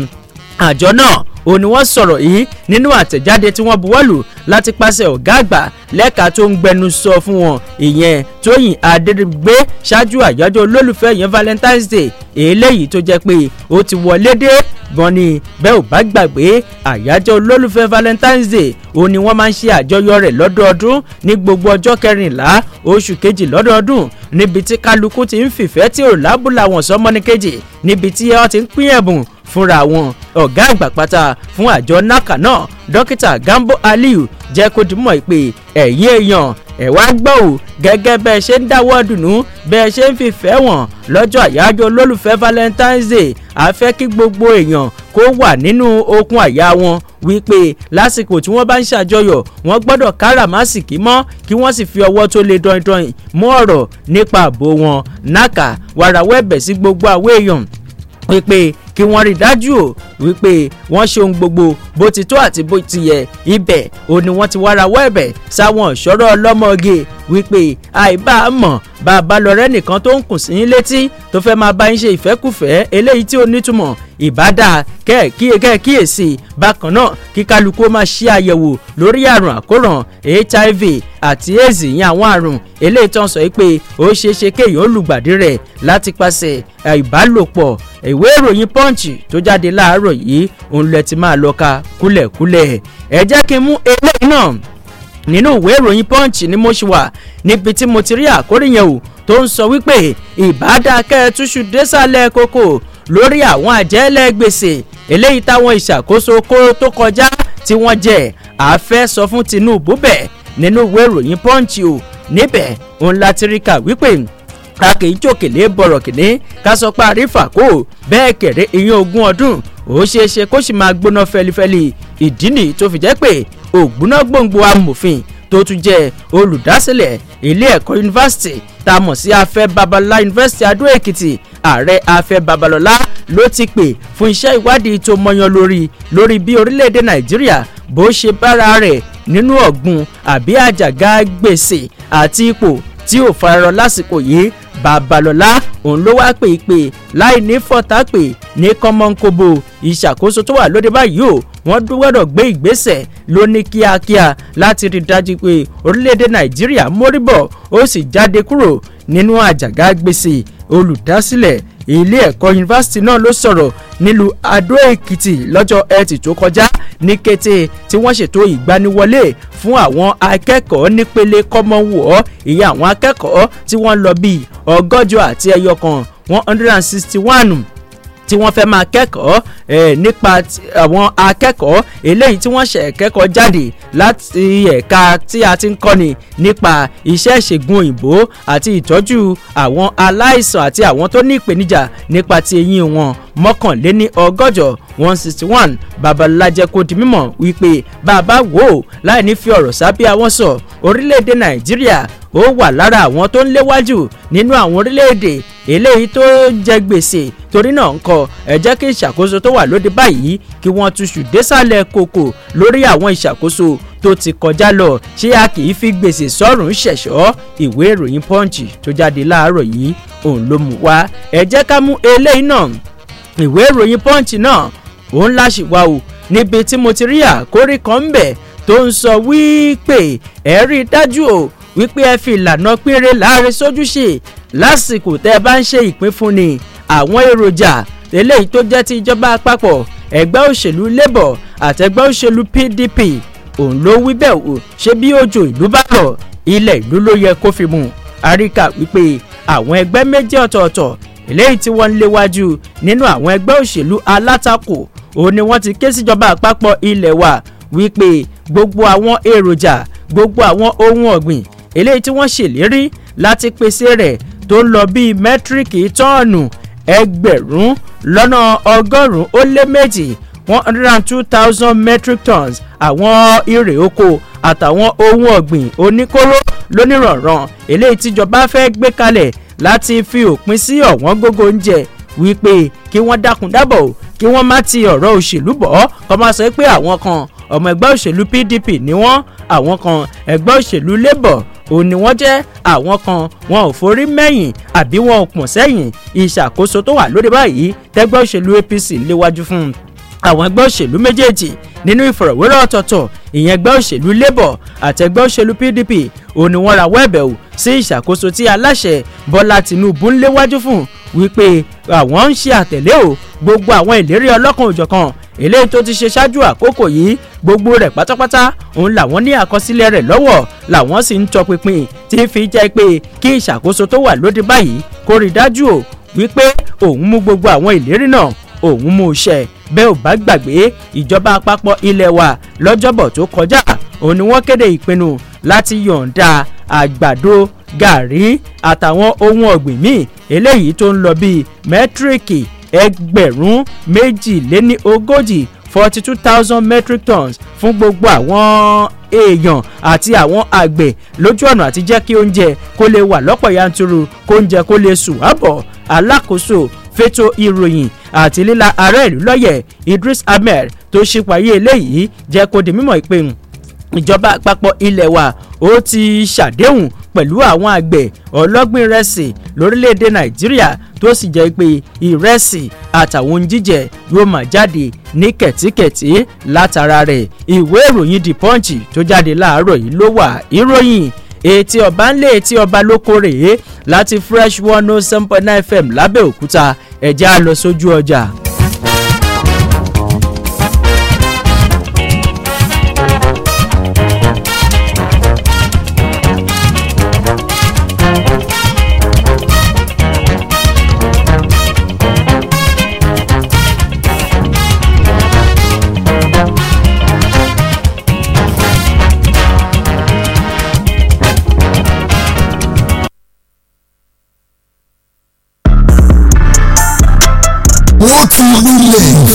àjọ náà òun ni wọ́n sọ̀rọ̀ yìí nínú àtẹ̀jáde tí wọ́n buwọ́lù láti pàṣẹ ọ̀gá àgbà lẹ́ka tó ń gbẹnu sọ fún wọn ìyẹn Tóyìn Adédìgbé ṣáájú àyájọ́ olólùfẹ́ yẹn Valentine's Day eléyìí tó jẹ́ pé ó ti wọlé dé gan ni bẹ́ẹ̀ ò bá gbàgbé àyájọ́ olólùfẹ́ Valentine's Day ó ní wọ́n máa ń ṣe àjọyọ̀ rẹ̀ lọ́dọọdún ní gbogbo ọjọ́ kẹrìnlá oṣù kejì lọ́dọọdún níbi tí kálukú ti ń fìfẹ́ tí ò lábùlà wọn sọmọ́ni kejì níbi tí wọ́n ti ń pín ẹ̀bùn fúnra wọn ọ̀gá àgbà pátá fún àjọ naka náà dókítà Gambo Aliyu jẹ́ kó di mọ̀ pé ẹ̀yin èèyàn ẹ wá gbọ́ ò gẹ́gẹ́ bẹ́ẹ̀ ṣe ń dáwọ́ dùnú bẹ́ẹ̀ ṣe ń fìfẹ́ wọn lọ́jọ́ àyájọ́ olólùfẹ́ Valentine's Day a fẹ́ kí gbogbo èèyàn kó wà nínú okun àyà wọn wípé lásìkò tí wọ́n bá ń ṣàjọyọ̀ wọ́n gbọ́dọ̀ káràmásìkí mọ́ kí wọ́n sì fi ọwọ́ tó le dọ̀ìndọ̀ìn mú ọ̀rọ̀ nípa ààbò wọn náka wàràwọ̀ ẹ̀bẹ̀ sí gbogbo àwọn èèyàn wípé kí wọ́n rí dájú o wípé wọ́n ṣe ohun gbogbo bó ti tó àti bó ti yẹ ibẹ̀ òní wọ́n ti wá rawọ́ ẹ̀bẹ̀ sáwọn ọ̀ṣọ́rọ̀ ọlọ́mọge wípé àìbá mọ̀ bàbá lọ́rẹ́ nìkan tó ń kùn sí yín létí tó fẹ́ máa bá yín ṣe ìfẹ́kùfẹ́ eléyìí tí ó nítumọ̀ ìbádà kẹ́ẹ̀kíyèsí bákan náà kí kálukú ó máa ṣe àyẹ̀wò lórí àrùn àkóràn HIV àti èzì yín àwọn àrùn eléyìí tó ń sọ pé ó ṣeé ṣe kéèyàn ó lùgbàdì rẹ̀ láti pàṣẹ ìbálòpọ̀ ìwé ìròyìn punch tó jáde láàárọ̀ yìí òun lẹ ti máa lọ ka kúlẹ̀kúlẹ̀ ẹ jẹ́ kí n mú eléyìí náà nínú ìwé ìròyìn punch ni mo ṣe wà níbi tí mo ti rí àkórí yẹn o tó ń sọ wípé ìbádàkẹ́ túṣu désàlẹ̀ kókó lórí àwọn àjẹ́lẹ̀ gbèsè eléyìí táwọn ìṣàkóso kó tó kọjá tí wọ́n jẹ àfẹ́ sọ fún Tinubu bẹ́ẹ̀ nínú ìwé ìròyìn punch o níbẹ̀ òun láti rí kà wípé a kì í jòkèlé bọ̀rọ̀ kìíní ká sọ pé àrífà kò bẹ́ẹ̀ kéré ìyẹn ogún ọdún ó ṣeé ṣe kó sì máa gbóná fẹlifẹli ìdí nìyí tó fi jẹ́ pé ògbóná gbòǹgbò amòfin tó tún jẹ́ olùdásílẹ̀ ilé ẹ̀kọ́ yunifásitì tá a mọ̀ sí afẹ́ babalọlá yunifásitì adó èkìtì ààrẹ afẹ́ babalọlá ló ti pè fún iṣẹ́ ìwádìí tó mọyan lórí lórí bí orílẹ̀-èdè nàìjíríà bó ṣe bára rẹ̀ nínú ọ̀gbun àbí àjàgà gbèsè àti ipò tí ò fararọ lásìkò yìí Babalọ́lá òun ló wá pè é pè láì ní fọ̀tá pè ní kọ́mọ́ńkóbo ìṣàkóso tó wà lóde báyìí o wọ́n dúgbọ́dọ̀ gbé ìgbésẹ̀ ló ní kíákíá láti rí dájú pé orílẹ̀-èdè Nàìjíríà mórí bọ̀ ó sì jáde kúrò nínú àjàgà gbèsè olùdásílẹ̀ ilé ẹ̀kọ́ yunifásitì náà ló sọ̀rọ̀ nílùú Adó-Èkìtì lọ́jọ́ ẹtì tó kọjá ní kété tí wọ́n ṣètò ìgbaniwọlé fún àwọn akẹ́kọ̀ọ́ nípele kọ́mọwọ́ ìyẹn àwọn akẹ́kọ̀ọ́ tí wọ́n lọ bíi ọgọ́jọ àti ẹyọ kan one hundred and sixty one tí wọ́n fẹ́ máa kẹ́kọ̀ọ́ nípa àwọn akẹ́kọ̀ọ́ eléyìí tí wọ́n ṣẹ̀ kẹ́kọ̀ọ́ jáde láti ẹ̀ka tí a ti ń kọ́ni nípa iṣẹ́ ìṣègùn òyìnbó àti ìtọ́jú àwọn aláìsàn àti àwọn tó ní ìpèníjà nípa ti eyín wọn mọ́kànléní ọgọ́jọ one sixty one babalájẹ kò di mímọ̀ wípé bàbá wò ó láì ní fi ọ̀rọ̀ sábẹ́ àwọn sọ orílẹ̀-èdè nàìjíríà ó wà lára àwọn tó ń léwájú nínú àwọn orílẹ̀-èdè eléyìí tó jẹ gbèsè torí náà ń kọ ẹ jẹ́ kí ìṣàkóso tó wà lóde báyìí kí wọ́n túṣu désàlẹ̀ kòkò lórí àwọn ìṣàkóso tó ti kọjá lọ ṣé a kì í fi gbèsè sọ́rùn ṣẹ̀ṣọ́ ìwé ìròyìn punch tó jáde láàárọ̀ yìí òun ló mú wá ẹ ká mú eléyìí náà ìwé ìròyìn punch náà òun láṣìwà o níbi tí mo ti rí àkórí kan ń bẹ̀ tó ń sọ wípé ẹ rí i dájú o wípé ẹ fi ìlànà pínre láàrin sójúṣe lásìkò tẹ́ ẹ bá ń ṣe ìpínfúnni àwọn èròjà eléyìí tó jẹ́ ti ìjọba àpapọ̀ ẹgbẹ́ òṣèlú labour àtẹgbẹ́ òṣèlú pdp òun ló wí bẹ́ẹ̀ o ṣé bí òjò ìlú bá lọ ilẹ̀ ìlú ló yẹ kó fi mu àríkà wípé àwọn ẹgbẹ́ méjì ọ̀tọ̀ọ̀tọ̀ eléyìí tí wọ́n ń léwájú nínú àwọn ẹgbẹ́ òṣèlú alátakò òun ni wọ́n ti ké síjọba àpapọ̀ ilẹ̀ wa wípé gbogbo àwọn èròjà gbogbo àwọn ohun ọ̀gbìn eléyìí tí wọ́n ṣèlérí láti pèsè rẹ̀ tó ń lọ bíi mẹ́tíríkì tọ́ọ̀nù ẹgbẹ̀rún lọ́nà ọgọ́rùn-ún ó lé méjì one hundred and two thousand metric tons àwọn irè oko àtàwọn ohun ọ̀gbìn oníkóró lónìrànràn eléyìí tíjọba fẹ́ gbé kalẹ̀ láti fi òpin sí ọ̀wọ́n gógó oúnjẹ wípé kí wọ́n dákun dábọ̀ kí wọ́n má ti ọ̀rọ̀ òṣèlú bọ̀ kọ́ máa sọ pé àwọn kan ọmọ ẹgbẹ́ òṣèlú PDP ni wọ́n àwọn kan ẹgbẹ́ òṣèlú Labour òun ni wọ́n jẹ́ àwọn kan wọn ò forí mẹ́yìn àbí wọn ò pọ̀n sẹ́yìn ìṣàkóso tó wà lóde báyìí tẹ́gbẹ́ òṣèlú APC léwájú fún un àwọn ẹgbẹ́ òṣèlú méjèèjì nínú ìfọ̀rọ̀wérọ̀ ọ̀tọ̀ọ̀tọ̀ ìyẹn ẹgbẹ́ òṣèlú labour àti ẹgbẹ́ òṣèlú pdp òun ni wọ́n rawọ́ ẹ̀bẹ̀ wò sí ìṣàkóso tí aláṣẹ bọ́lá tinubu ń léwájú fún wípé àwọn ń ṣe àtẹ̀lé o gbogbo àwọn ìlérí ọlọ́kan òjọ̀kan eléyìí tó ti ṣe ṣáájú àkókò yìí gbogbo rẹ̀ pátápátá òun làwọn ní àkọsílẹ̀ rẹ̀ lọ́wọ́ làwọn sì ń tọpinpin tí ń fi jẹ́ pé kí ìṣàkóso tó wà lóde báyìí kó rí dájú o wípé òun mú gbogbo àwọn ìlérí náà òun mú iṣẹ́ bẹ́ẹ̀ ò bá gbàgbé ìjọba àpapọ̀ ilé wa lọ́jọ́bọ̀ tó kọjá òun ni wọ́n kéde ìpinnu láti yọ̀ǹda àgbàdo gàrí àtàwọn ohun ọ̀gbìn míì eléyìí tó ń lọ bíi mẹ́tíríkì ẹgbẹ̀rún méjìléní forty two thousand metric tons fún gbogbo àwọn èèyàn àti àwọn àgbẹ̀ lójú ọ̀nà àti jẹ́ kí oúnjẹ kó lè wà lọ́pọ̀ yanturu kó oúnjẹ kó lè sùn àbọ̀ alákòóso fẹ́tò ìròyìn àti líla ará ìlú lọ́yẹ̀ Idris Ahmed tó ṣípayé eléyìí jẹ́ kó di mímọ̀ ìpè ìjọba àpapọ̀ ilẹ̀ wa ó ti ṣàdéhùn pẹ̀lú àwọn àgbẹ̀ ọlọ́gbìn ìrẹsì lórílẹ̀‐èdè Nàìjíríà tó sì jẹ́ pé ìrẹsì àtàwọn ohun jíjẹ yóò máa jáde ní kẹ̀tíkẹ̀tí látara rẹ̀ ìwé ìròyìn The Punch tó jáde láàárọ̀ yìí ló wà ìròyìn etí ọba ń lé etí ọba lóko rèé eh? láti fresh one oh seven point nine fm lábẹ́òkúta ẹ̀jẹ̀ á lọ sójú ọjà.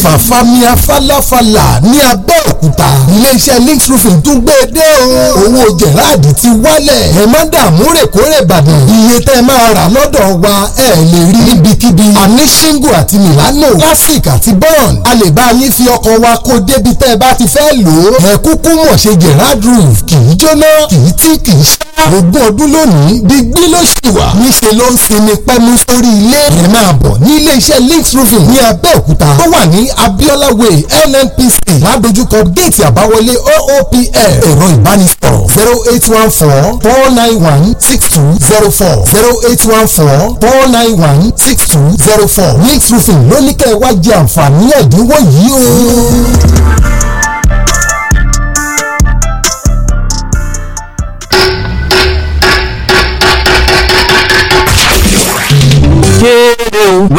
fàfàmìà falafala ní abẹ́òkúta iléeṣẹ́ links roofing tún gbé e dé o owó jẹ̀ráàdì ti wálẹ̀ ẹ má dààmú rèkórè bàdàn iye tẹ́ máa rà lọ́dọ̀ wa ẹ lè rí níbikíbi àní shingle àti milano classic àti bond a lè bá yín fi ọkọ̀ wa kó débi tẹ́ ẹ bá ti fẹ́ lò ó ẹ kúkú mọ̀ ṣe gerard roof kì í jóná kì í tí kì í ṣá gbogbo ọdún lónìí digbí ló ṣì wà níṣẹ́ ló ń sinmi pẹ́mú sórí ilé yẹn máa bọ̀ ní iléeṣẹ́ links roofing ní abẹ́òkúta tó wà ní abiola way nnpc ládojúkọ géètì àbáwọlé oopl ẹ̀rọ ìbánisọ̀rọ̀ zero eight one four four nine one six two zero four zero eight one four four nine one six two zero four links roofing ló ní kẹ́ ẹ wá jẹ àǹfààní ẹ̀dínwó yìí o.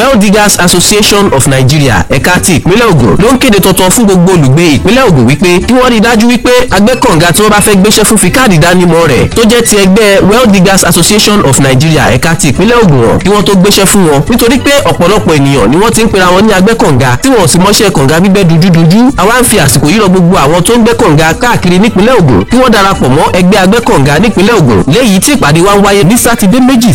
Oil Diggers Association of Nigeria ẹ̀ka ti ìpínlẹ̀ Ògùn ló ń kéde tuntun fún gbogbo olùgbé ìpínlẹ̀ Ògùn wípé kí wọ́n rí dájú wípé agbẹ́kànga tí wọ́n bá fẹ́ gbéṣẹ́ fún fi káàdì ìdánimọ̀ rẹ̀ tó jẹ́ ti ẹgbẹ́ Oil Diggers Association of Nigeria ẹ̀ka ti ìpínlẹ̀ Ògùn hàn kí wọ́n tó gbéṣẹ́ fún wọn nítorí pé ọ̀pọ̀lọpọ̀ ènìyàn ni wọ́n ti ń pera wọn ní agbẹ́kànga tí wọn ò sì mọṣẹ́ kànga gbígbẹ́ dúdúdúdú àwa ń fi àsìkò yìí rọ gbogbo àwọn tó ń gbẹ́ kànga káàkiri nípínlẹ̀ Ògùn kí wọ́n darapọ̀ mọ́ ẹgbẹ́ agbẹ́kànga nípínlẹ̀ Ògùn léyìí tí ìpàdé wa ń wáyé ní sátidé méjì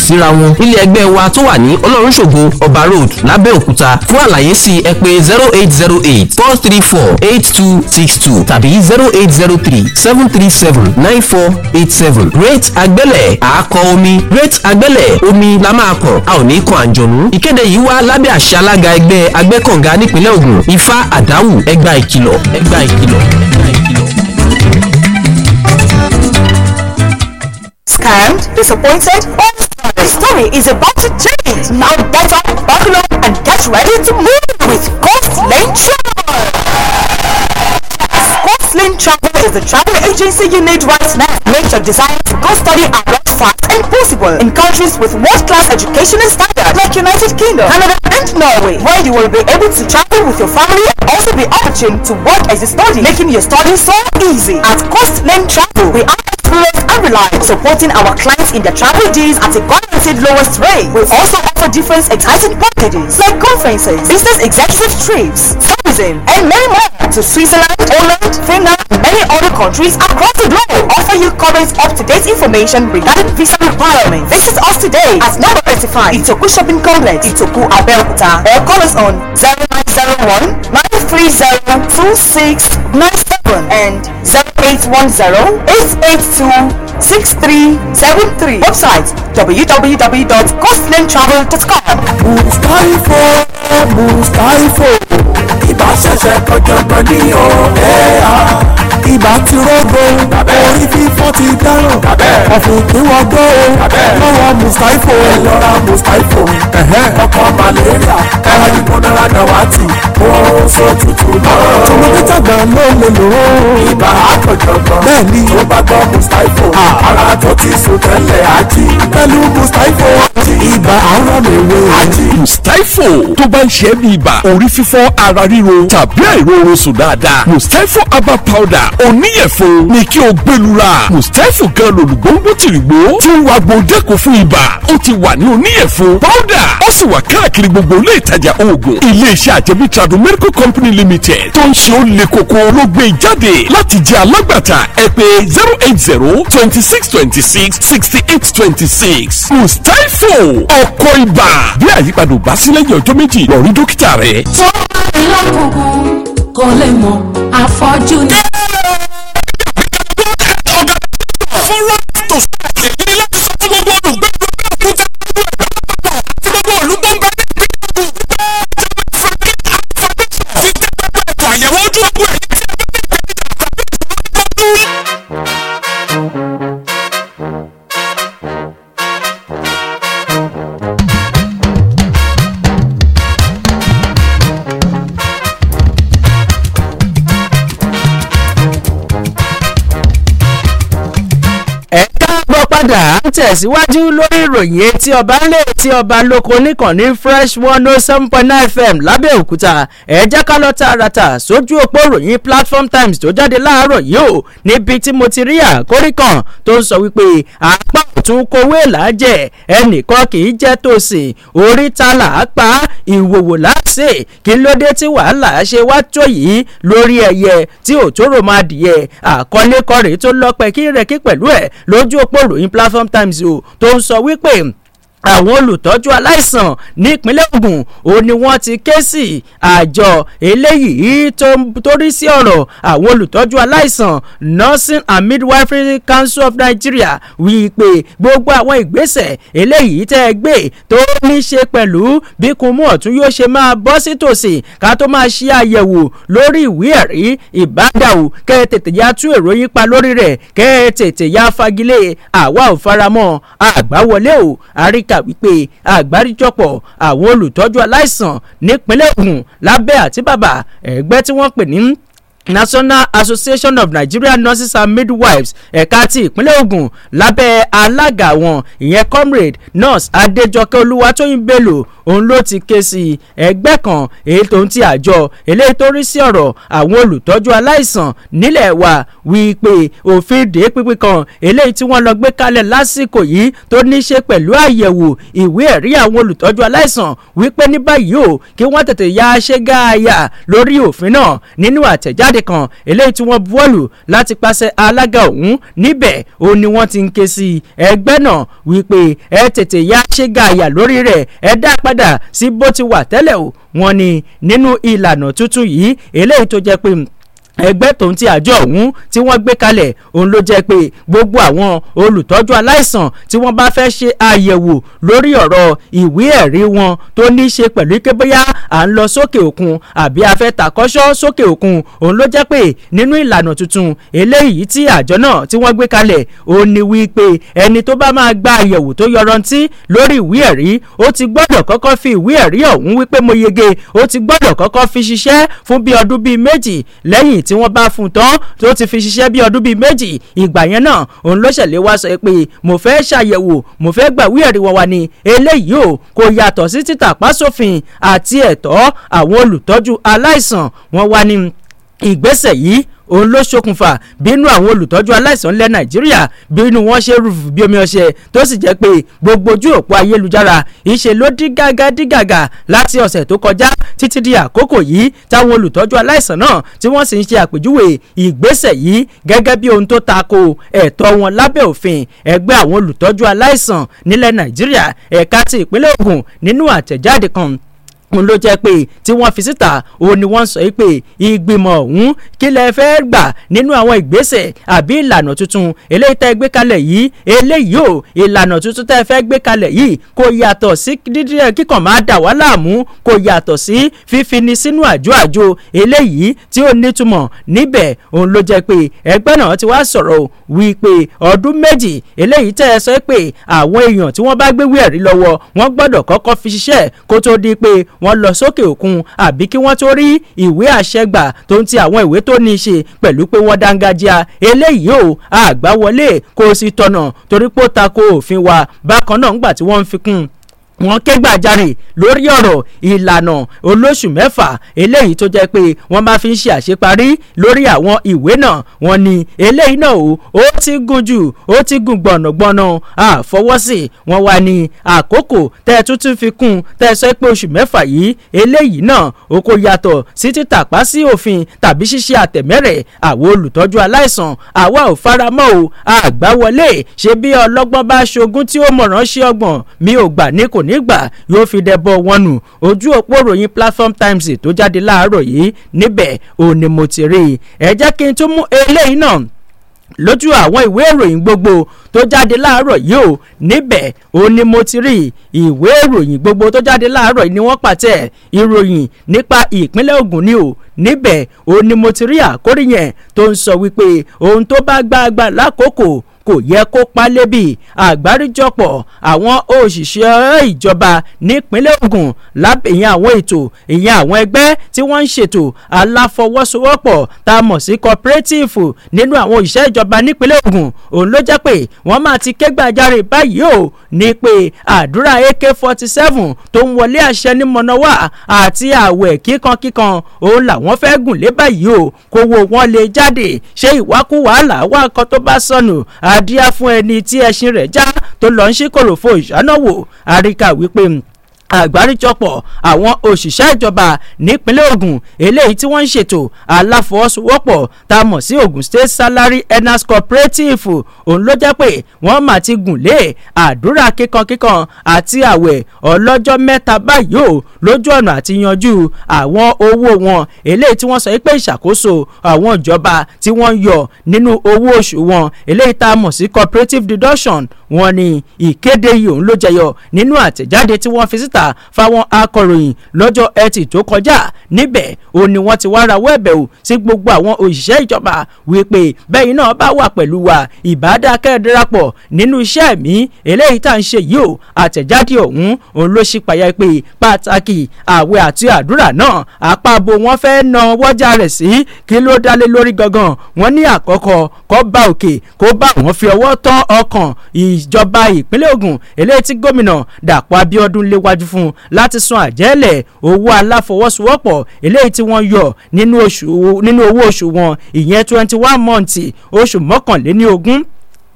road lábẹ́òkúta fún àlàyé sí ẹ pé zero eight zero eight four three four eight two six two tàbí zero eight zero three seven three seven nine four eight seven great agbẹ́lẹ̀ àákọ omi great agbẹ́lẹ̀ omi la máa kọ̀ a ò ní kan àjọ̀nú. ìkéde yìí wá lábẹ́ àṣà alága ẹgbẹ́ agbẹ́kànga nípínlẹ̀ Ògùn ifá àdáwù ẹgbà ìkìlọ̀ ẹgbà ìkìlọ̀ ẹgbà ìkìlọ̀. Scammed? Disappointed? Or The story is about to change. Now get up, buckle up, and get ready to move with Ghost Lane Travel. Muslim Travel is the travel agency you need right now. Make your desire to go study abroad fast and possible in countries with world-class educational standards like United Kingdom, Canada, and Norway, where you will be able to travel with your family and also be opportunity to work as you study, making your study so easy. At Coast Travel, we are experienced and reliable, supporting our clients in their travel days at a guaranteed lowest rate. We also offer different exciting packages like conferences, business executive trips, tourism, and many more to Switzerland, Holland, Finland, and many other countries across the globe offer you current up-to-date information regarding visa requirements. Visit us today at number 35 Itoku Shopping Complex, Itoku Abeokuta or call us on 0901 930 2697 and 0810-882-6373. Website www.coastlandtravel.com Mustaifo, Mustaifo. check out your body, oh, eh, yeah. ibà ti rógo orí fífọ́ ti dáràn ọ̀fìn ìwọ́gbọ́ o lọ́wọ́ mùsáífò ẹ mùsáífò ọkọ̀ malaria ẹ̀rọ ìgbónára dàwátì oorun sọ tutù náà. tọmọdé tàgbà ló lè lò ó. ibà àtọ̀jọ̀gbọ́n bẹ́ẹ̀ni tó bá gbọ́ mùsáífò ara tó ti sùn tẹ́lẹ̀ àjí pẹ̀lú mùsáífò ibà ara lè wé. àjí mùsáífò tó bá ń ṣe é bí ibà orí fífọ́ ara ríro tàbí àìróorun dáadáa mùsáífò herbal powder oníyẹ̀fun ni kí o gbẹlura mustapha gan lòlùgbòǹgbò tìrìgbò tí ń wa gbòdẹ́kọ̀ fún ibà ó ti wà ní oníyẹ̀fun pọ́dà ó sì wà káàkiri gbogbo ilé ìtajà oògùn iléeṣẹ́ àjẹmí tradu medical company limited tó ń ṣe ó le koko ló gbé jáde láti jẹ́ alágbàtà ẹ pè zero eight zero twenty six twenty six sixty eight twenty six mustapha ọkọ̀ ibà bí àyípadà ò bá sí lẹ́yìn ọjọ́ méjì lọ rí dókítà rẹ̀. tó bá rí lọ́kùnkùn kò lè mọ̀ àfọ́jú ni. Correctos tẹ̀síwájú lórí ìròyìn etí ọba ńlé etí ọba lóko níkànnì fresh one oh seven point nine fm lábẹ́òkúta ẹ jẹ́ ká lọ tààràtà sójú òpó ìròyìn platform times tó jáde láàárọ̀ yìí ó níbi tí mo ti rí àkórí kan tó ń sọ wípé apá ọ̀tún kówé làájẹ̀ ẹnìkan kì í jẹ́ tòsì orí ta là á pa ìwòwò láṣẹ kí ló dé tí wàhálà ṣe wá tó yìí lórí ẹyẹ tí òtóró máa dìyẹ àkọlé kọrè tó lọ́pẹ́ kí rẹ̀ kí pẹ̀lú ẹ̀ lójú òpó ìròyìn platform times o tó ń sọ wípé àwọn olùtọ́jú aláìsàn nípínlẹ̀ Ògùn òun ni wọ́n ti ké sí àjọ eléyìí tó rí sí ọ̀rọ̀ àwọn olùtọ́jú aláìsàn nursing and midwifery council of Nigeria wípé gbogbo àwọn ìgbésẹ̀ eléyìí tẹ́ ẹ gbé tó ní ṣe pẹ̀lú bí kùmú ọ̀tún yóò ṣe máa bọ́ sí tòsí ká tó máa ṣe àyẹ̀wò lórí ìwé ẹ̀rí ìbádàwò kẹ́ ẹ tètè ya tú èrò pa lórí rẹ̀ kẹ́ ẹ tètè ya fagilé àwa ò faramọ́ àgbáwọlé ò àríkà kà wípé àgbáríjọpọ̀ àwọn olùtọ́jú aláìsàn nípínlẹ̀ Ògùn lábẹ́ àtíbàbà ẹgbẹ́ tí wọ́n pè ní national association of Nigerian nurses and midwives ẹ̀ka ti ìpínlẹ̀ ogun lábẹ́ alága wọn ìyẹn comrade nurse adéjọkẹ́ olúwatóyìn bello òun ló ti ké sí ẹgbẹ́ kan èyí tó ń ti àjọ eléyìí tó rí sí ọ̀rọ̀ àwọn olùtọ́jú aláìsàn nílẹ̀ wa wípé òfin dé pínpín kan eléyìí tí wọ́n lọ gbé kalẹ̀ lásìkò yìí tó ní í ṣe pẹ̀lú àyẹ̀wò ìwé ẹ̀rí àwọn olùtọ́jú aláìsàn wípé ní báyìí o kí wọ́n tètè ya àtẹ̀jáde kan eléyìí tí wọ́n buwọ́lù láti pàṣẹ alága ọ̀hún níbẹ̀ ó ní wọ́n ti ń ké sí ẹgbẹ́ náà wípé ẹ tètè yá ṣe gààyà lórí rẹ̀ ẹ dá padà sí bó ti wà tẹ́lẹ̀ o wọ́n ní nínú ìlànà tuntun yìí eléyìí tó jẹ́ pé ẹgbẹ́ tòun ti àjọ ọ̀hún tí wọ́n gbé kalẹ̀ òun ló jẹ́ pé gbogbo àwọn olùtọ́jú aláìsàn tí wọ́n bá fẹ́ ṣe àyẹ̀wò lórí ọ̀rọ̀ ìwé ẹ̀rí wọn tó ní í ṣe pẹ̀lú pé bóyá à ń lọ sókè òkun àbí a fẹ́ tàkọ́ṣọ́ sókè òkun òun ló jẹ́ pé nínú ìlànà tuntun eléyìí tí àjọ náà tí wọ́n gbé kalẹ̀ òun ni wípé ẹni tó bá máa gba àyẹ̀wò tó yọrantí lórí ìwé ẹ̀rí ó ti gbọ́dọ̀ kọ́kọ́ fi ìwé ẹ̀rí ọ̀hún wípé mo yege ó ti gbọ́dọ̀ kọ́kọ́ fi ṣiṣẹ́ fún bí ọdún bíi méjì lẹ́yìn lẹ́yìn tí wọ́n bá fún un tán tó ti fi ṣiṣẹ́ bí ọdún bíi méjì ìgbà yẹn náà òun ló ṣẹ̀lẹ̀ wá sọ pé mo fẹ́ ṣàyẹ̀wò mo fẹ́ gbàwé ẹ̀rí wọn wá ní eléyìí o kò yàtọ̀ sí títàpá sófin àti ẹ̀tọ́ àwọn olùtọ́jú aláìsàn wọn wá ní ìgbésẹ̀ yìí òun ló ṣokùnfà bínú àwọn olùtọ́jú aláìsàn ńlẹ̀ nàìjíríà bínú wọn ṣe rúfù bí omi ọṣẹ tó sì jẹ́ pé gbogbo ojú òpó ayélujára ìṣe ló dí gágá dí gàgà láti ọ̀sẹ̀ tó kọjá títí di àkókò yìí táwọn olùtọ́jú aláìsàn náà tí wọ́n sì ń ṣe àpèjúwe ìgbésẹ̀ yìí gẹ́gẹ́ bí ohun tó tako ẹ̀tọ́ wọn lábẹ́ òfin ẹgbẹ́ àwọn olùtọ́jú aláìsàn nílẹ̀ nàìjíríà ẹ̀ka ti òun ló jẹ́ pé tí wọ́n fi síta òun ni wọ́n sọ pé ìgbìmọ̀ ọ̀hún kí lẹ fẹ́ gbà nínú àwọn ìgbésẹ̀ àbí ìlànà tuntun eléyìí tẹ́ gbé kalẹ̀ yìí eléyìí ò ìlànà tuntun tẹ́ fẹ́ gbé kalẹ̀ yìí kò yàtọ̀ sí dídí kíkàn máa dà wá láàmú kò yàtọ̀ sí fífini sínú àjọ àjọ eléyìí tí ó nítumọ̀ níbẹ̀ òun ló jẹ́ pé ẹgbẹ́ náà ti wá sọ̀rọ̀ wípé ọdún méjì eléyìí tẹ́ ẹ sọ pé àwọn èèyàn tí wọ́n bá gbéwé ẹ̀rí lọ́wọ́ wọ́n gbọ́dọ̀ kọ́kọ́ fi ṣiṣẹ́ kó tó di pé wọ́n lọ sókè òkun àbí kí wọ́n tó rí ìwé àṣẹ gbà tó ń ti àwọn ìwé tó ní í ṣe pẹ̀lú pé wọ́n dángájíá eléyìí ò àgbáwọlé kó o sì tọ̀nà torí pé ó tako òfin wa bákan náà ńgbà tí wọ́n ń fi kún un wọ́n ké gbàjarè lórí ọ̀rọ̀ ìlànà olóṣù mẹ́fà eléyìí tó jẹ́ pé wọ́n bá fi ń ṣe àṣeparí lórí àwọn ìwé náà wọ́n ní eléyìí náà o ó ti gùn jù ó ti gùn gbọ̀nàgbọ̀nà àfọwọ́sì wọ́n wà ní àkókò tẹ́ ẹ tuntun fi kún tẹ́ ẹ sọ pé oṣù mẹ́fà yìí eléyìí náà o kò yàtọ̀ sí títàpá sí òfin tàbí ṣíṣe àtẹ̀mẹ́rẹ̀ àwọn olùtọ́jú aláìsàn àwa ò faramọ́ o àgbáwọlé ṣe bí ọlọ́gbọ́n bá ṣogún tí ó mọ̀ràn ṣe ọgbọ̀n mi ò gbà ní kò nígbà yóò fi dẹbọ wọn nù ojú òpó ròyìn platform times tó jáde láàárọ̀ yìí níbẹ̀ òun ni mo ti rí i ẹ jẹ́ kí n tún mú eléyìí náà lójú àwọn ìwé ìròyìn gbogbo tó jáde láàárọ̀ yìí o níbẹ̀ o ni mo ti rí ìwé ìròyìn gbogbo tó jáde láàárọ̀ yìí ni wọ́n pàtẹ́ ìròyìn nípa ìpínlẹ̀ Ògùn ni o níbẹ̀ o ni mo ti rí àkórí yẹn tó ń sọ wípé ohun tó bá gbàgbà lákòókò kò yẹ kó pálébì àgbáríjọpọ̀ àwọn òṣìṣẹ́ ìjọba nípínlẹ̀ Ògùn lábẹ̀yìn àwọn ètò ìyẹn àwọn ẹgbẹ́ tí wọ́n ń ṣètò aláfọwọ́sowọ́pọ̀ tá a mọ̀ sí cooperative nínú àwọn òṣìṣẹ́ ìjọba nípínlẹ̀ Ògùn òun ló jẹ́ pé wọ́n máa ti ké gbàjarè báyìí o ní pé àdúrà AK forty seven tó ń wọlé àṣẹ ní mọ̀nàwá àti àwẹ̀ kíkankíkan òun làwọn fẹ́ gùn lé báyìí o kówó wọn lè jáde ṣé ìwákùwà làwọn akọ tó bá sọnù à adíá fún ẹni tí ẹṣin rẹ̀ já tó lọ ń ṣí kòròfo ìṣáná àríkà wípé hmm, àgbáríjọpọ̀ àwọn òṣìṣẹ́ ìjọba nípínlẹ̀ Ògùn eléyìí tí wọ́n ń ṣètò aláfọwọ́sowọ́pọ̀ tá a mọ̀ sí Ogun State Salary Earners Cooperative òun ló jẹ́ pé wọ́n mà ti gùn lé àdúrà kíkankíkan àti àwẹ̀ ọlọ́jọ́ mẹ́ta báyìí o lójú ọ̀nà àti yanjú àwọn owó wọn eléyìí tí wọ́n sọ pé ìṣàkóso àwọn ìjọba tí wọ́n ń yọ nínú owó oṣù wọn eléyìí tá a mọ̀ sí cooperative deduction wọ́n ní ìkéde yìí òun ló jẹyọ nínú àtẹ̀jáde tí wọ́n fi síta síta fáwọn akọ̀ròyìn lọ́jọ́ ẹtì tó kọjá níbẹ̀ ó ní wọ́n ti wá rawọ́ ẹ̀bẹ̀ o sí gbogbo àwọn òṣìṣẹ́ ìjọba wípé bẹ́yìn náà bá wà pẹ̀lú wa ìbádàkẹ́ darapọ̀ nínú iṣẹ́ mi eléyìí tá à ń ṣe yìí o àtẹ̀jáde ọ̀hún òun ló ṣí payá pé pàtàkì àwẹ̀ àti àdúrà náà àpapọ̀ wọn fẹ́ na wọ́jà rẹ̀ sí kí ló dálé lórí gangan wọn ní àkọ́kọ́ kó bá òkè kó bá wọn fi ọwọ́ tán ọkàn ìjọba ìpínlẹ̀ Ògùn eléyìí tí gómìnà Dàpọ̀ Abíọ́dún léwájú fún láti sun àjẹ́lẹ̀ owó aláfọwọ́sowọ́pọ̀ eléyìí tí wọ́n yọ nínú owó oṣù wọn ìyẹn twenty one months. oṣù mọ́kànléní ogún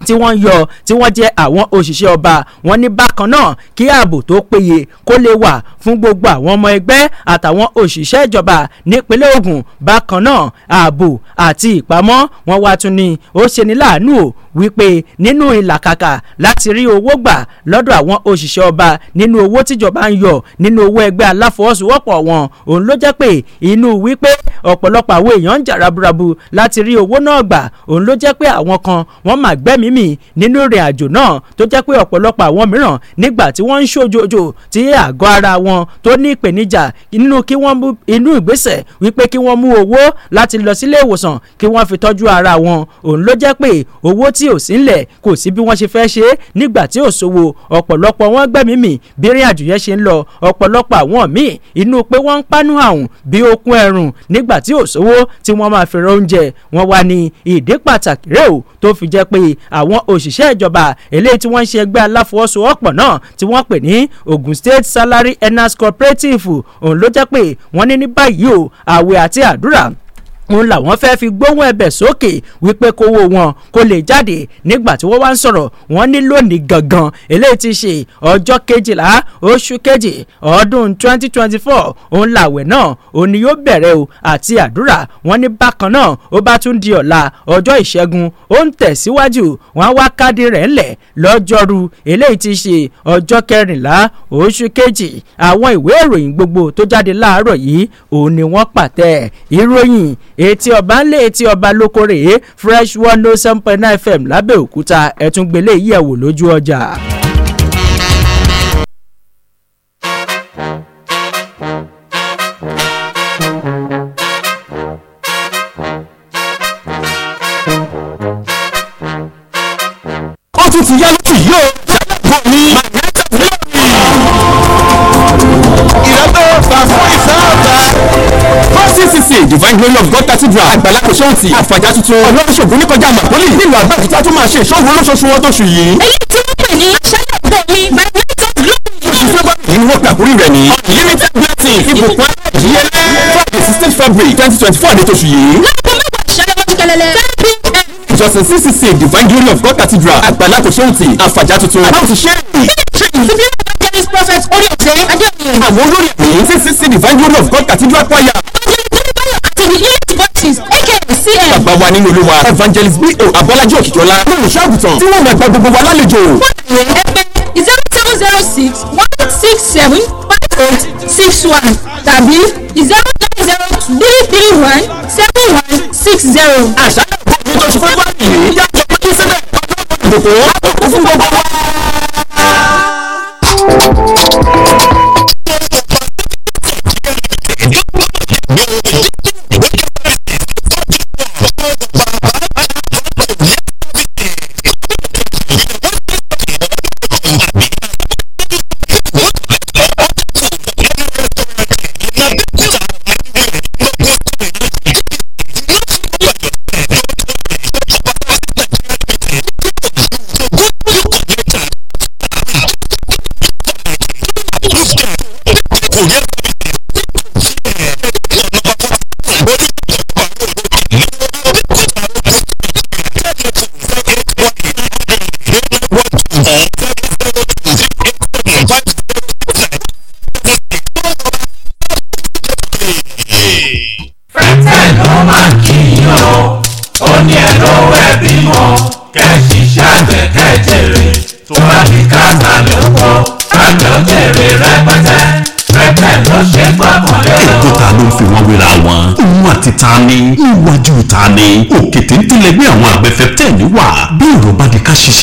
tí wọ́n yọ tí wọ́n jẹ́ àwọn òṣìṣẹ́ ọba wọn ní bákan náà kí ààbò tó péye kó lè wà fún gbogbo àwọn ọmọ ẹgbẹ́ àtàwọn òṣìṣẹ́ ìjọba nípínlẹ̀ Ògùn bákan náà ààbò àti ìpamọ́ wọn wá tún ni ó ṣe ní láàánú wípé nínú ìlàkàkà láti rí owó gbà lọ́dọ̀ àwọn òṣìṣẹ́ ọba nínú owó tíjọba ń yọ nínú owó ẹgbẹ́ aláfọwọ́sowọ́pọ̀ wọn òun ló jẹ́ pé inú wípé ọ̀pọ̀lọpọ̀ àwọn èèyàn ń jà raburabu láti rí owó náà gbà òun ló jẹ́ pé àwọn kan wọ́n mà gbẹ́mìí mì nínú ìrìn àjò náà tó jẹ́ pé ọ̀pọ̀lọpọ̀ àwọn mìíràn nígbà tí wọ́n ń ṣojoojò tí àgọ́ ara wọn tó ní ìpèníjà inú kí wọ́n mú inú ìgbésẹ̀ wípé kí wọ́n mú owó láti lọ sílé ìwòsàn kí wọ́n fi tọ́jú ara wọn òun ló jẹ́ pé owó tí tí ò sí ńlẹ̀ kò sí bí wọ́n ṣe fẹ́ ṣe é nígbà tí ò sówó ọ̀pọ̀lọpọ̀ wọn gbẹ̀mí mì bí ìrìn àjò yẹn ṣe ń lọ ọ̀pọ̀lọpọ̀ àwọn míì inú pé wọ́n ń pánú àrùn bí okun ẹ̀rùn nígbà tí ò sówó tí wọ́n máa fi oúnjẹ wọn wá ní ìdí pàtàkì rèé tó fi jẹ́ pé àwọn òṣìṣẹ́ ìjọba eléyìí tí wọ́n ṣe ẹgbẹ́ aláfọwọ́sowọ́pọ̀ náà tí wọ́n pè ní Ogun State Salary Earners Cooperative òun ló jẹ́ pé wọ́n ní ní báyìí o àwẹ̀ àti àdúrà òun làwọn fẹ́ fi gbóhùn ẹ̀bẹ̀ sókè wípé kówó wọn kó lè jáde nígbà tí wọ́n wá ń sọ̀rọ̀ wọ́n ní lónìí gangan eléyìí ti ṣe ọjọ́ kejìlá oṣù kejì ọdún 2024 òun làwẹ̀ náà òun ni yóò bẹ̀rẹ̀ o àti àdúrà wọ́n ní bákan náà ó bá tún di ọ̀la ọjọ́ ìṣẹ́gun ó ń tẹ̀síwájú wọ́n wá káàdì rẹ̀ ńlẹ̀ lọ́jọ́rú eléyìí ti ṣe ọjọ́ kẹrìnlá oṣù kejì àwọn ìwé ìròyìn etí ọba ńlẹ̀ etí ọba lókòrè e fresh one oh seven point nine fm lábẹ́òkúta ẹ̀túngbélé yẹ̀wò lójú ọjà. ó tún ti yá lójú yìí ó. àdúrà àgbàlá kò sóhùntì àfàjà tuntun ọlọ́run ṣògùn níkọjá màpọ́lì nílùú àgbàkìtà tó máa ṣe ìṣòro olóṣooṣù wọn tó ṣù yìí. èyí tí wọ́n pè ní ṣáyọ̀dọ̀ mi by right of law. oṣù fẹ́bọ̀rì yìí wọ́n gbàgbórí rẹ̀ ní. unlimited blessing ibùkún ayẹyẹ friday sixteen february twenty twenty four ní tóṣù yìí. láàbù mẹ́wàá ṣẹlẹ̀ wọ́n ti Justice CCC Divine Glory of God Cathedral Àgbàlá Kòsóǹtì Àfàjà tuntun. Àbáwò ti ṣe é. Ìbí ọ̀gá Dennis Prophet orí ọ̀sẹ̀ ajé mi. Àwọn olórí ẹ̀mí CCC Divine Glory of God Cathedral Choir. Bàbá wa nínú olúwa Evangelist B.O. Abọ́lájí Òkìkíọ́lá lóòṣù àgùntàn tí wọ́n máa gba gbogbo wa lálejò. Fún ìwé ẹgbẹ́ zero seven zero six one six seven five eight six one tàbí zero nine zero three three one seven one six zero. àṣà yóò kó omi tó ṣe fún báyìí. ìyá ìjọba ní sílẹ̀ ọjọ́ ìdìbò. a kò fún gbogbo wa.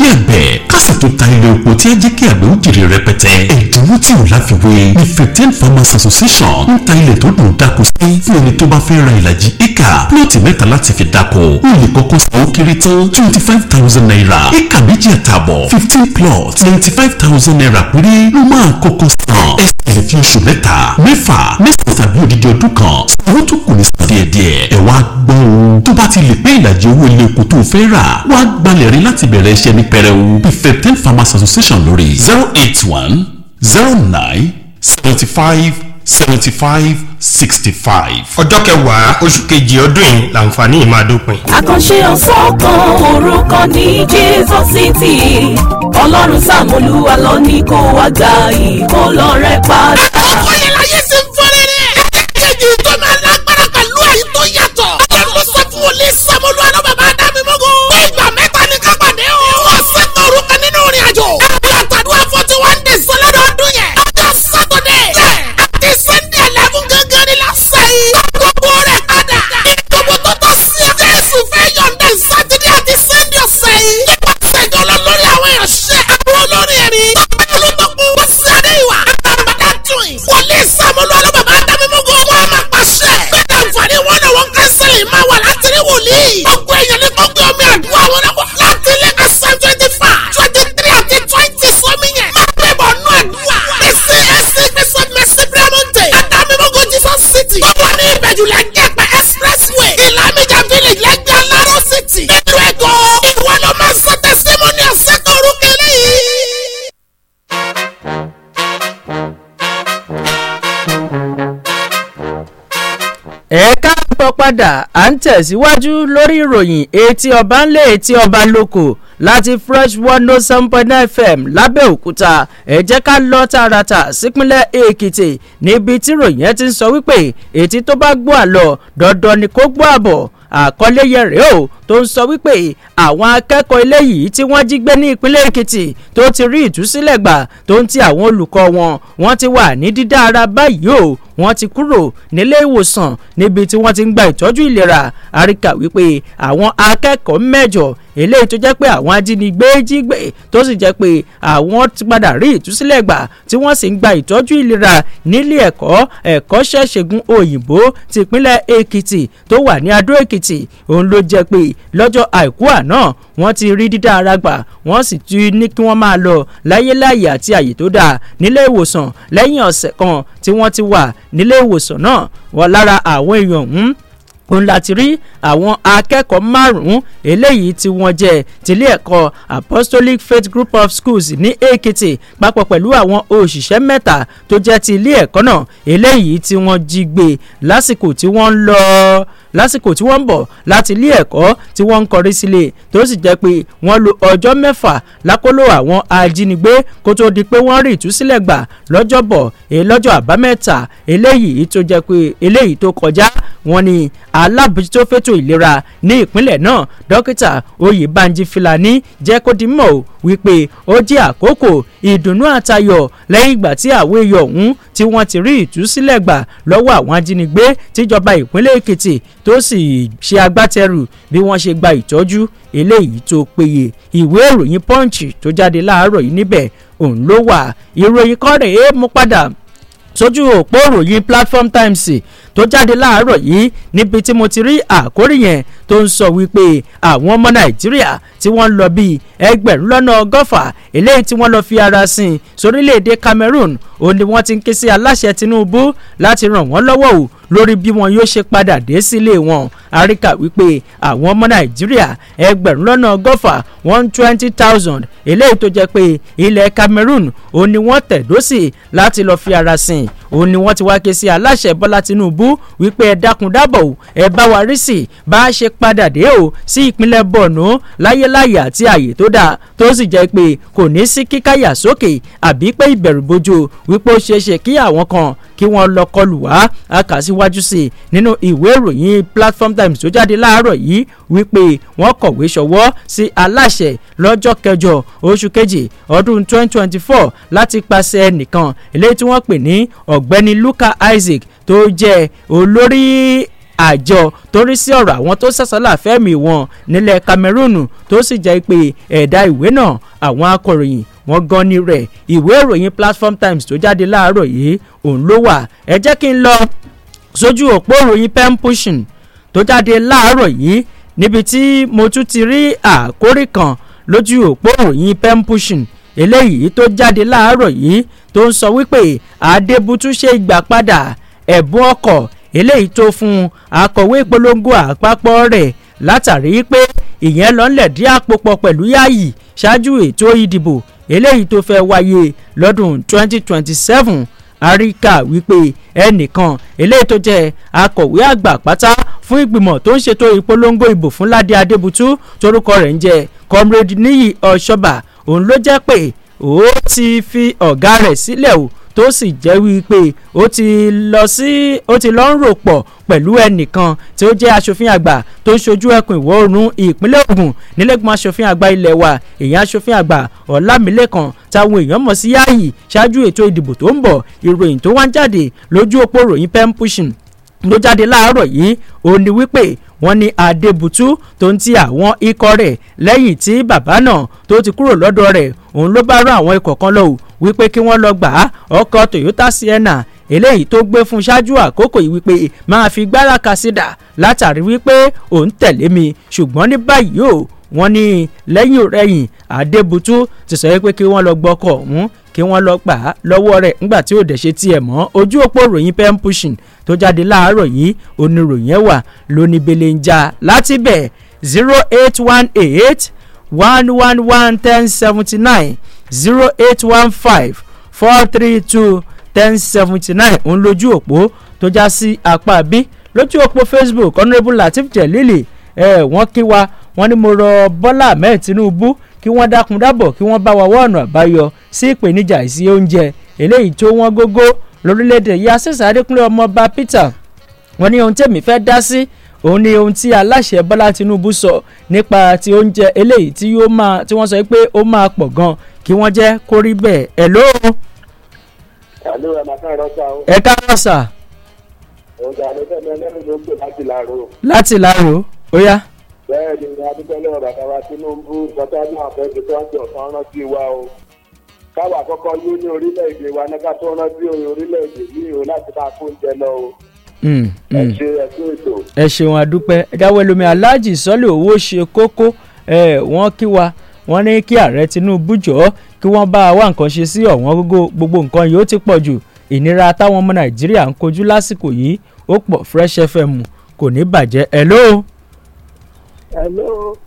Cupid. oko tí a jẹ́ kí àgbẹ̀ ó jèrè rẹpẹtẹ. ẹ̀dínwó tí ò láfiwé ni fifteen farmers association ń ta ilẹ̀ tó dùn dáko sí fún ẹni tó bá fẹ́ ra ìlàjì éka plọ̀tì mẹ́ta láti fi dáko ó lè kọ́kọ́ san ó kéré tán twenty five thousand naira éka méjì àtààbọ̀ fifteen plots ninety five thousand naira péré ló máa kọ́kọ́ san ẹsẹ̀ fi oṣù mẹ́ta mẹ́fà mẹ́sàn-án tàbí odidi ọdún kan owó tó kù ní sàn díẹ̀díẹ̀ ẹ̀ wá gbọ́ o tó bá ti lè pé ìlàjì owó ilé oko tó fẹ́ rà wá gbalẹ̀ rí láti bẹ̀rẹ̀ iṣẹ́ ní pẹrẹu fifteen farmers association compensation lórí zero eight one zero nine seventy five seventy five sixty five. ọjọ́ kẹwàá oṣù kejì ọdún yìí làǹfààní yìí máa dópin. àkànṣe ọ̀sán kan orúkọ ní jesus city ọlọ́run sàmúlùwà lọ ní kó wá gba ìkólọ́rẹ́ padà. àkọlé láyé sí padà à ń tẹ̀síwájú lórí ìròyìn etí ọba ńlẹ̀ etí ọba lóko láti fresh one note oh seven point nine fm lábẹ́òkúta ẹ jẹ́ ká lọ tààràtà sípínlẹ̀ èkìtì níbi tí ìròyìn ẹ ti ń sọ wípé ètí tó bá gbọ́ àlọ́ dandan ni kó gbọ́ àbọ̀ àkọlé yẹn rèé o tó ń sọ wípé àwọn akẹ́kọ̀ọ́ ilé yìí tí wọ́n jí gbé ní ìpínlẹ̀ Èkìtì tó ti rí ìtúsílẹ̀ gbà tó ń ti àwọn olùkọ́ wọn wọ́n ti wà ní dídá ara báyìí o wọ́n ti kúrò nílé ìwòsàn níbi tí wọ́n ti ń gba ìtọ́jú ìlera àríkà wípé àwọn akẹ́kọ̀ọ́ mẹ́jọ eléyìí tó jẹ́ pé àwọn ajínigbé jí gbé tó sì jẹ́ pé àwọn ti padà rí ìtúsílẹ̀ gbà tí wọ́n sì ń gba ìtọ́jú ìlera nílé ẹ̀kọ́ ẹ̀kọ́ṣẹ́ ṣègùn òyìnbó tìpínlẹ̀ Èkìtì tó wà ní Adó Èkìtì èkìtì òun ló jẹ́ pé lọ́jọ́ àìkú àná wọ́n ti rí dídá ara gbà wọ́n sì ti ní kí wọ́n máa lọ láyéláyè àti àyè tó dáa nílé ìwòsàn lẹ́yìn ọ̀sẹ̀ kan tí wọ́n ti wà nílé ìwòsàn náà wọ́n lára àwọn èèyàn ọ̀hún òun láti rí àwọn akẹ́kọ̀ọ́ márùn-ún eléyìí tí wọ́n jẹ́ tilé ẹ̀kọ́ apostolic faith group of schools ní èkìtì papọ̀ pẹ̀lú àwọn òṣìṣẹ́ mẹ́ta tó jẹ́ ti ilé ẹ̀kọ́ náà eléyìí tí wọ́n jí gbé lásìkò tí wọ́n ń lọ lásìkò tí wọ́n ń bọ̀ láti ilé ẹ̀kọ́ tí wọ́n ń kọrí sílé tó sì jẹ́ pé wọ́n lo ọjọ́ mẹ́fà lákòlò àwọn ajínigbé kó tó di pé wọ́n rí ìtúsílẹ̀ gbà lọ́jọ́bọ̀ èyí lọ́jọ́ àbámẹ́ta eléyìí tó jẹ́ pé eléyìí tó kọjá wọ́n ní alábòjútó fétò ìlera ní ìpínlẹ̀ náà dókítà oyèbánjí filani jẹ́ kó di mọ̀ wípé ó jẹ́ àkókò ìdùnnú àtayọ̀ lẹ́yìn ìgbà tí àwọn èèyàn ọ̀hún tí wọ́n ti rí ìtúsílẹ̀ gbà lọ́wọ́ àwọn ajínigbé tíjọba ìpínlẹ̀ èkìtì tó sì ṣe agbátẹrù bí wọ́n ṣe gba ìtọ́jú eléyìí tó péye ìwé ìròyìn punch tó jáde láàárọ̀ yìí níbẹ̀ òun ló wà ìròyìn kọ́rẹ̀ é mú padà sójú òpó òròyìn platform times tó jáde láàárọ̀ yìí níbi tí mo ti rí àkórí yẹn tó ń sọ wípé àwọn ọmọ nàìjíríà tí wọ́n ń lọ bíi ẹgbẹ̀rún lọ́nà ọgọ́fà eléyìí tí wọ́n lọ fi ara sin sórílẹ̀-èdè Cameroon ó ní wọ́n ti ń ké sí aláṣẹ Tinubu láti ràn wọ́n lọ́wọ́ o lórí bí wọn yóò ṣe padà dé sílé wọn àríkà wípé àwọn ọmọ nàìjíríà ẹgbẹ̀rún lọ́nà ọgọ́fà one twenty thousand eléyìí tó jẹ́ pé ilẹ̀ cameroon òun ni wọ́n tẹ̀dó sí láti lọ́ọ́ fi ara sìn òun ni wọ́n ti wá ké sí aláṣẹ bọ́lá tinubu wípé ẹ dákun dábọ̀ o ẹ bá wa rí sí bá a ṣe padà dé o sí ìpínlẹ̀ borno láyéláyé àti àyè tó dáa tó sì jẹ́ pé kò ní sí kíkáyà sókè àbí pé ìbẹ̀rù bojo wípé ó ṣeé ṣe kí àwọn kan kí wọ́n lọ kọlù wá a kà síwájú sí nínú ìwé ìròyìn platform times tó jáde láàárọ̀ yìí wípé wọ́n kọ̀wé ṣọwọ́ sí aláṣẹ lọ́jọ́ kẹjọ oṣù kejì ọdún 2024 láti pàṣẹ ẹnìkan eléyìí tí wọ́n pè ní ọ̀gbẹ́ni Luka Isaac tó jẹ́ olórí àjọ tó rí sí ọ̀rọ̀ àwọn tó sàsálà fẹ́mi wọn nílẹ̀ Cameroon tó sì jẹ́ pé ẹ̀dá ìwé náà àwọn akọ̀ròyìn wọ́n gan ni rẹ̀ ìwé ìròyìn Platform Times tó jáde láàárọ̀ yìí òun ló wà ẹ jẹ́ kí n lọ sójú òpó ìròyìn pen pushing tó jáde láàárọ̀ yìí níbi tí mo tún ti rí àkórí kan lójú òpó òyìn pen pushing eléyìí tó jáde láàárọ̀ yìí tó ń sọ wípé Adébútú ṣe ìgbà padà ẹ̀bùn ọkọ̀ eléyìí tó fún akọ̀wé ìpolongo àpapọ̀ rẹ̀ látàrí pé ìyẹn lọ́nlẹ̀ dí àpò pọ̀ pẹ̀lú yáàyì ṣáájú ètò ìdìbò eléyìí tó fẹ́ wáyé lọ́dún 2027 àríkà wípé ẹnìkan eléyìí tó jẹ́ akọ̀wé àgbà pátá fún ìgbìmọ̀ tó ń ṣètò ìpolongo ìbò fún Ládé Adébútú torúkọ rẹ̀ ń jẹ́ comrade Níyì Ọ̀ṣọ́bà òun ló jẹ́ pé ó ti fi ọ̀gá rẹ̀ sílẹ̀ o tó sì jẹ́ wípé ó ti lọ sí ó ti lọ ń rò pọ̀ pẹ̀lú ẹnìkan tí ó jẹ́ aṣòfin àgbà tó ń ṣojú ẹkùn ìwọ̀ oòrùn ìpínlẹ̀ Ògùn nílẹ̀gbọ́n aṣòfin àgbà ilẹ̀ wa èèyàn aṣòfin àgbà Ọlámilékan táwọn èèyàn mọ̀ sí Yáyì ṣáájú ètò ìdìbò tó ń bọ̀ ìròyìn tó wá ń jáde lójú òpó ròyìn pen pushing ló jáde láàárọ̀ yìí ó ní wípé wọ́n ní adébútú tó ń ti àwọn ikọ̀ rẹ̀ lẹ́yìn tí bàbá náà tó ti kúrò lọ́dọ̀ rẹ̀ òun ló bá rán àwọn ikọ̀ kan lọ wípé kí wọ́n lọ gbà á ọkọ̀ toyota sienna eléyìí tó gbé fún ṣáájú àkókò yìí wípé máa fi gbára kásídà látàrí wípé òun tẹ̀lé mi ṣùgbọ́n ní báyìí o wọ́n ní lẹ́yìn rẹ̀yìn àdébùtú ti sọ pé kí wọ́n lọ gbọ́kọ̀ kí wọ́n lọ gbà á lọ́wọ́ rẹ̀ ńgbà tí ò dẹ̀ ṣe tiẹ̀ mọ́ ojú òpó ròyìn pen pushing tó jáde láàárọ̀ yìí oníròyìn ẹ̀ wà lóní belenja láti bẹ̀ zero eight one eight one one one ten seventy nine zero eight one five four three two ten seventy nine òun lójú òpó tó já sí apá bí lójú òpó facebook honourable latif jelili ẹ eh, wọ́n kí wa wọ́n ní mo rọ bọ́lá ahmed tinubu kí wọ́n dákun dábọ̀ kí wọ́n bá wa wá ọ̀nà àbáyọ sí ìpèníjà ìsí oúnjẹ eléyìí tó wọ́n gógó lórílẹ̀‐èdè yìí àṣẹ̀ṣẹ̀ adékúnlé ọmọọba peter wọ́n ní ohun tẹ̀mí fẹ́ dá sí òun ni ohun tí aláṣẹ bọ́lá tinubu sọ nípa ti oúnjẹ eléyìí tí yóò máa tí wọ́n sọ pé ó máa pọ̀ gan kí wọ́n jẹ́ kó rí bẹ́ẹ̀ ẹ̀ ló. ẹ káàárọ̀ sà. ọjà ló fẹ́ mi ẹlẹ́rìí ló ń pè láti láàárọ̀. láti láàárọ̀ ó yá bẹ́ẹ̀ ni adúgbòlẹ̀ ọ̀rọ̀ àtàrà Tinubu bọ́tà náà fẹ́ẹ́ fi tọ́jú ọ̀sán rántí wa o káwa àkọ́kọ́ yó ní orílẹ̀-èdè wa náà ká tó rántí orílẹ̀-èdè yìí o láti bá a kó oúnjẹ lọ o. Hmm, ẹ hmm. ṣe ẹ kú ètò. ẹ ṣeun àdúpẹ́ jáwé lomi aláàjì sọ́lẹ̀ owó ṣe kókó wọ́n kí wa wọ́n ní kí ààrẹ Tinubu jọ̀ọ́ kí wọ́n bá wa nǹkan ṣe sí ọ̀wọ́n gbogbo nǹkan yóò ti pọ̀ jù ìnira táwọn ọmọ Nàìjíríà ń kojú lásìkò yìí ó pọ̀ Fresh FM kò ní bàjẹ́ ẹ lóo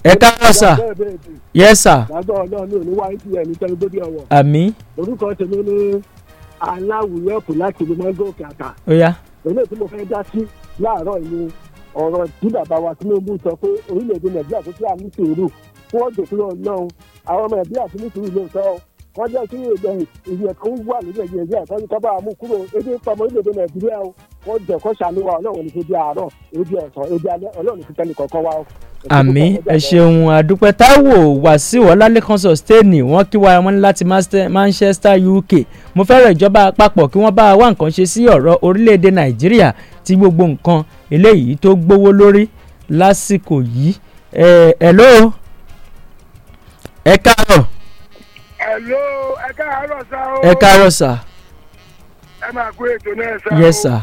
ẹ káàárọ̀ sà yes sà. lágbà ọlọ́run ò ní wá ní tiẹ̀ ní tó bí ọwọ́. àmín. orúkọ tèmi ni aláwùyọ̀pù láti ìlú mọ́ngòkè àtà. ó yá. èmi tí mo fẹ́ dá sí láàárọ̀ ìlú ọ̀rọ̀ tí bàbá wa Tinubu sọ pé orílẹ̀-èdè Nàìjíríà tó ti àmì sùúrù fún ọ̀dọ̀ fún ọlọ́run àwọn ọmọ Nàìjíríà ti ní sùúrù lóòótọ́ wọ́n jẹ́ sí ìyẹn kan wà lórí ẹ̀yẹ ẹ̀yẹ ẹ̀kọ́ ní kábàá mú kúrò ebi pamọ́ orílẹ̀-èdè nàìjíríà o wọ́n jẹ́ kó ṣàánú wa ní fífi àárọ̀ ebi ẹ̀sán ebi alẹ́ ọlọ́run fi tẹ́lẹ̀ kọ̀ọ̀kan wa àmì ẹ ṣeun àdúpẹ́ táwò wàsíù ọlálẹ́kan sọ̀stẹ́ẹ̀nì wọ́n kí wa wọn láti manchester uk mo fẹ́rẹ̀ ìjọba àpapọ̀ kí wọ́n bá wa nǹkan ṣe sí ọ̀rọ̀ orílẹ̀-èdè nàìjíríà tí gbogbo nǹkan eléyìí tó gbówó lórí lásìkò yìí ẹ̀ ẹ̀ lóo ẹ káàárọ̀ hello ẹ káàárọ̀ sá o. ẹ káàárọ̀ sá. ẹ máa kó ètò náà sá o. yes sir.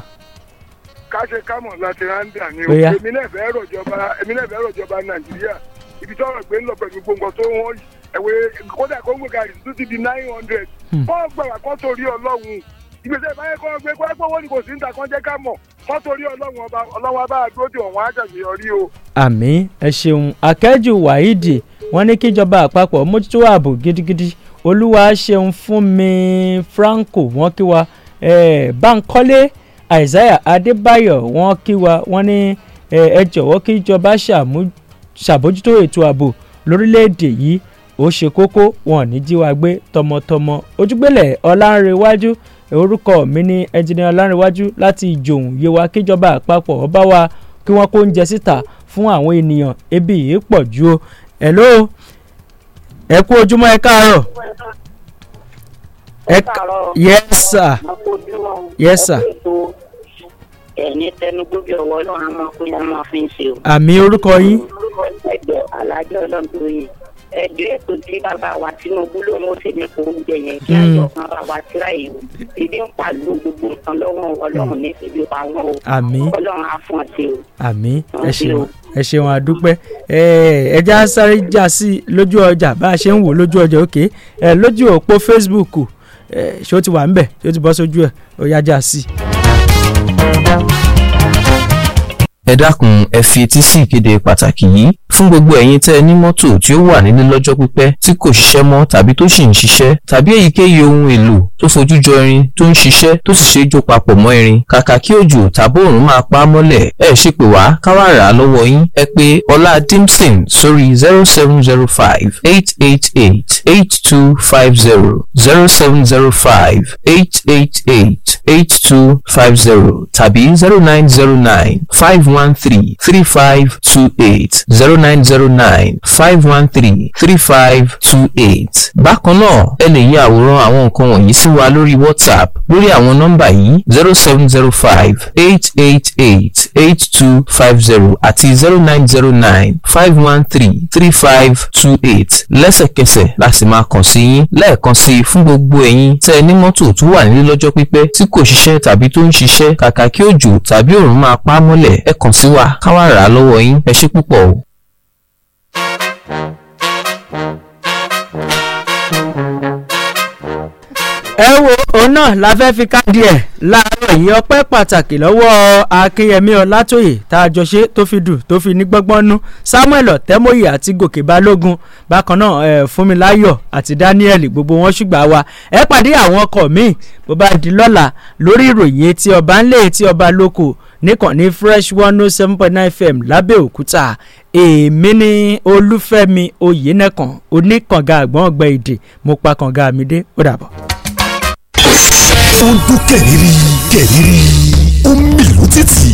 ká ṣe kámọ̀ láti ráńdà ni o èmi náà fẹ́ rọ̀jọba èmi náà fẹ́ rọ̀jọba nàìjíríà ibi tọ́rọ̀ gbé ń lọ pẹ̀lú gbogbo tó ń wọ́n ẹ̀wẹ̀ kódà kóńgò gàrí tó ti di nine hundred. wọ́n gbàgbà kọ́ torí ọlọ́run ìgbésẹ̀ ìbáyé kan gbé kó ẹgbẹ́ owó ni kò sí níta kan jẹ́ ká mọ̀ kọ́ torí ọlọ́run ọba ọlọ́run ọba àdúródì ọ̀hún àjàṣeyọrí o. àmín ẹ ṣeun akẹ́jù wáídì wọ́n ní kíjọba àpapọ̀ mójútó ààbò gidigidi olúwa ṣeun fún mi franco wọ́n kí wa bankole isaiah adébáyọ̀ wọ́n kí wa wọ́n ní ẹ jọ̀wọ́ kí ìjọba ṣàbójútó ètò ààbò lórílẹ̀‐èdè yìí ó ṣe kókó wọn ní jí wa gbé tọmọtọmọ ojúgbélẹ̀ ọlánrewájú orúkọ mi ní ẹnjìnì ọlánrewájú láti ìjòhùn yewa kíjọba àpapọ̀ ọba wa kí wọ́n kó oúnjẹ síta fún àwọn ènìyàn ebi yìí pọ̀ ju o hello ẹ kú ojúmọ́ ẹ káàárọ̀ ẹ káàárọ̀ yes sir yes sir ẹni tẹnugbó bí ọwọ́ ọlọ́run máa kó yá máa fi ń ṣe o. àmì orúkọ yín. ẹgbẹ́ alájọ́ ọlọ́run tó yẹ ẹgbẹ́ ètò tí bàbá wa Tinubu ló ń ṣe ní oúnjẹ yẹn hmm. kí ayọ̀ kan bá wa tíra yìí o ìdí ń pàlú gbogbo nǹkan lọ́wọ́ ọlọ́run hmm. ní ìbí pa wọn o ọlọ́run á fún ọ sí o. àmín ẹ ṣeun ẹ ṣeun àdúpẹ́ ẹja sáré já sí lójú ọjà bá a ṣe ń wò lójú ọjà òkè lójú òpó Facebook ṣé ó ti wà ń bẹ̀ ṣé ó ti bọ́ sójú ẹ̀ ó yá já sí i ẹ dákun ẹ fi etí sí ìkéde pàtàkì yìí fún gbogbo ẹ̀yin tẹ́ ẹ ní mọ́tò tí ó wà nílé lọ́jọ́ pípẹ́ tí kò ṣiṣẹ́ mọ́ tàbí tó sì ń ṣiṣẹ́ tàbí èyíkéyìí ohun èlò tó fojú jọ irin tó ń ṣiṣẹ́ tó sì ṣe é jó papọ̀ mọ́ irin kàkà kí òjò tàbí òòrùn máa pa á mọ́lẹ̀ ẹ ṣe pé wá ká rà á lọ́wọ́ yín ẹ pé ọlá dimson sórí zero seven zero five eight eight eight eight two five zero zero seven zero five eight eight eight eight two five zero tàbí zero nine zero nine five one. 513 3528 0909 513 3528. Bákan náà ẹ lè ya àwòrán àwọn nǹkan wọ̀nyí sí wa lórí WhatsApp lórí àwọn nọ́mbà yìí 0705 888 8250 àti 0909 513 3528. Lẹ́sẹ̀kẹsẹ̀ la sì máa kàn sí yín lẹ́ẹ̀kan sí fún gbogbo ẹ̀yin tẹ́ ẹ ní mọ́tò tó wà nílé lọ́jọ́ pípẹ́ tí kò ṣiṣẹ́ tàbí tó ń ṣiṣẹ́ kàkà kí òjò tàbí òòrùn máa pa á mọ́lẹ̀ ẹ kàn sí wa ká wá rà á lọ́wọ́ yín ẹ ṣé púpọ̀ o. ẹ wo òun náà la fẹ́ fi káàdì ẹ̀ láàárọ̀ yìí ọpẹ́ pàtàkì lọ́wọ́ akínyẹmí ọlátòyè tá a jọ ṣe tó fi dùn tó fi ní gbọ́ngbọ́n nú samuel ọ̀tẹ́mọ́yì àti gòkè balógun bákan náà ẹ̀ fúnmiláyọ̀ àti daniel gbogbo wọn ṣùgbọ́n wa ẹ pàdé àwọn ọkọ̀ míì bó bá di lọ́la lórí ìròyìn etí ọba ńlẹ̀ etí ọba lóko níkànnì fresh one oh seven point nine fm lábẹ́òkúta èmi ní olúfẹ́mi oyinẹ̀kan oníkànga àgbọ̀n ọgbẹ́ èdè mo pa kànga mi dé ó dàbọ̀. ó ń dún kẹ̀rìírí títì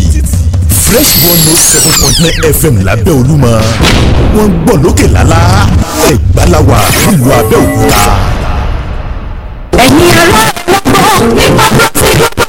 fresh one oh seven point nine fm lábẹ́ olúmọ wọ́n ń gbọ́ lókè lálá Ẹ̀gbá la wà nílùú abẹ́òkúta. ẹ̀yin ará ẹ̀ lọ́gbọ́n nípa pọ́sí gbọ́dọ̀.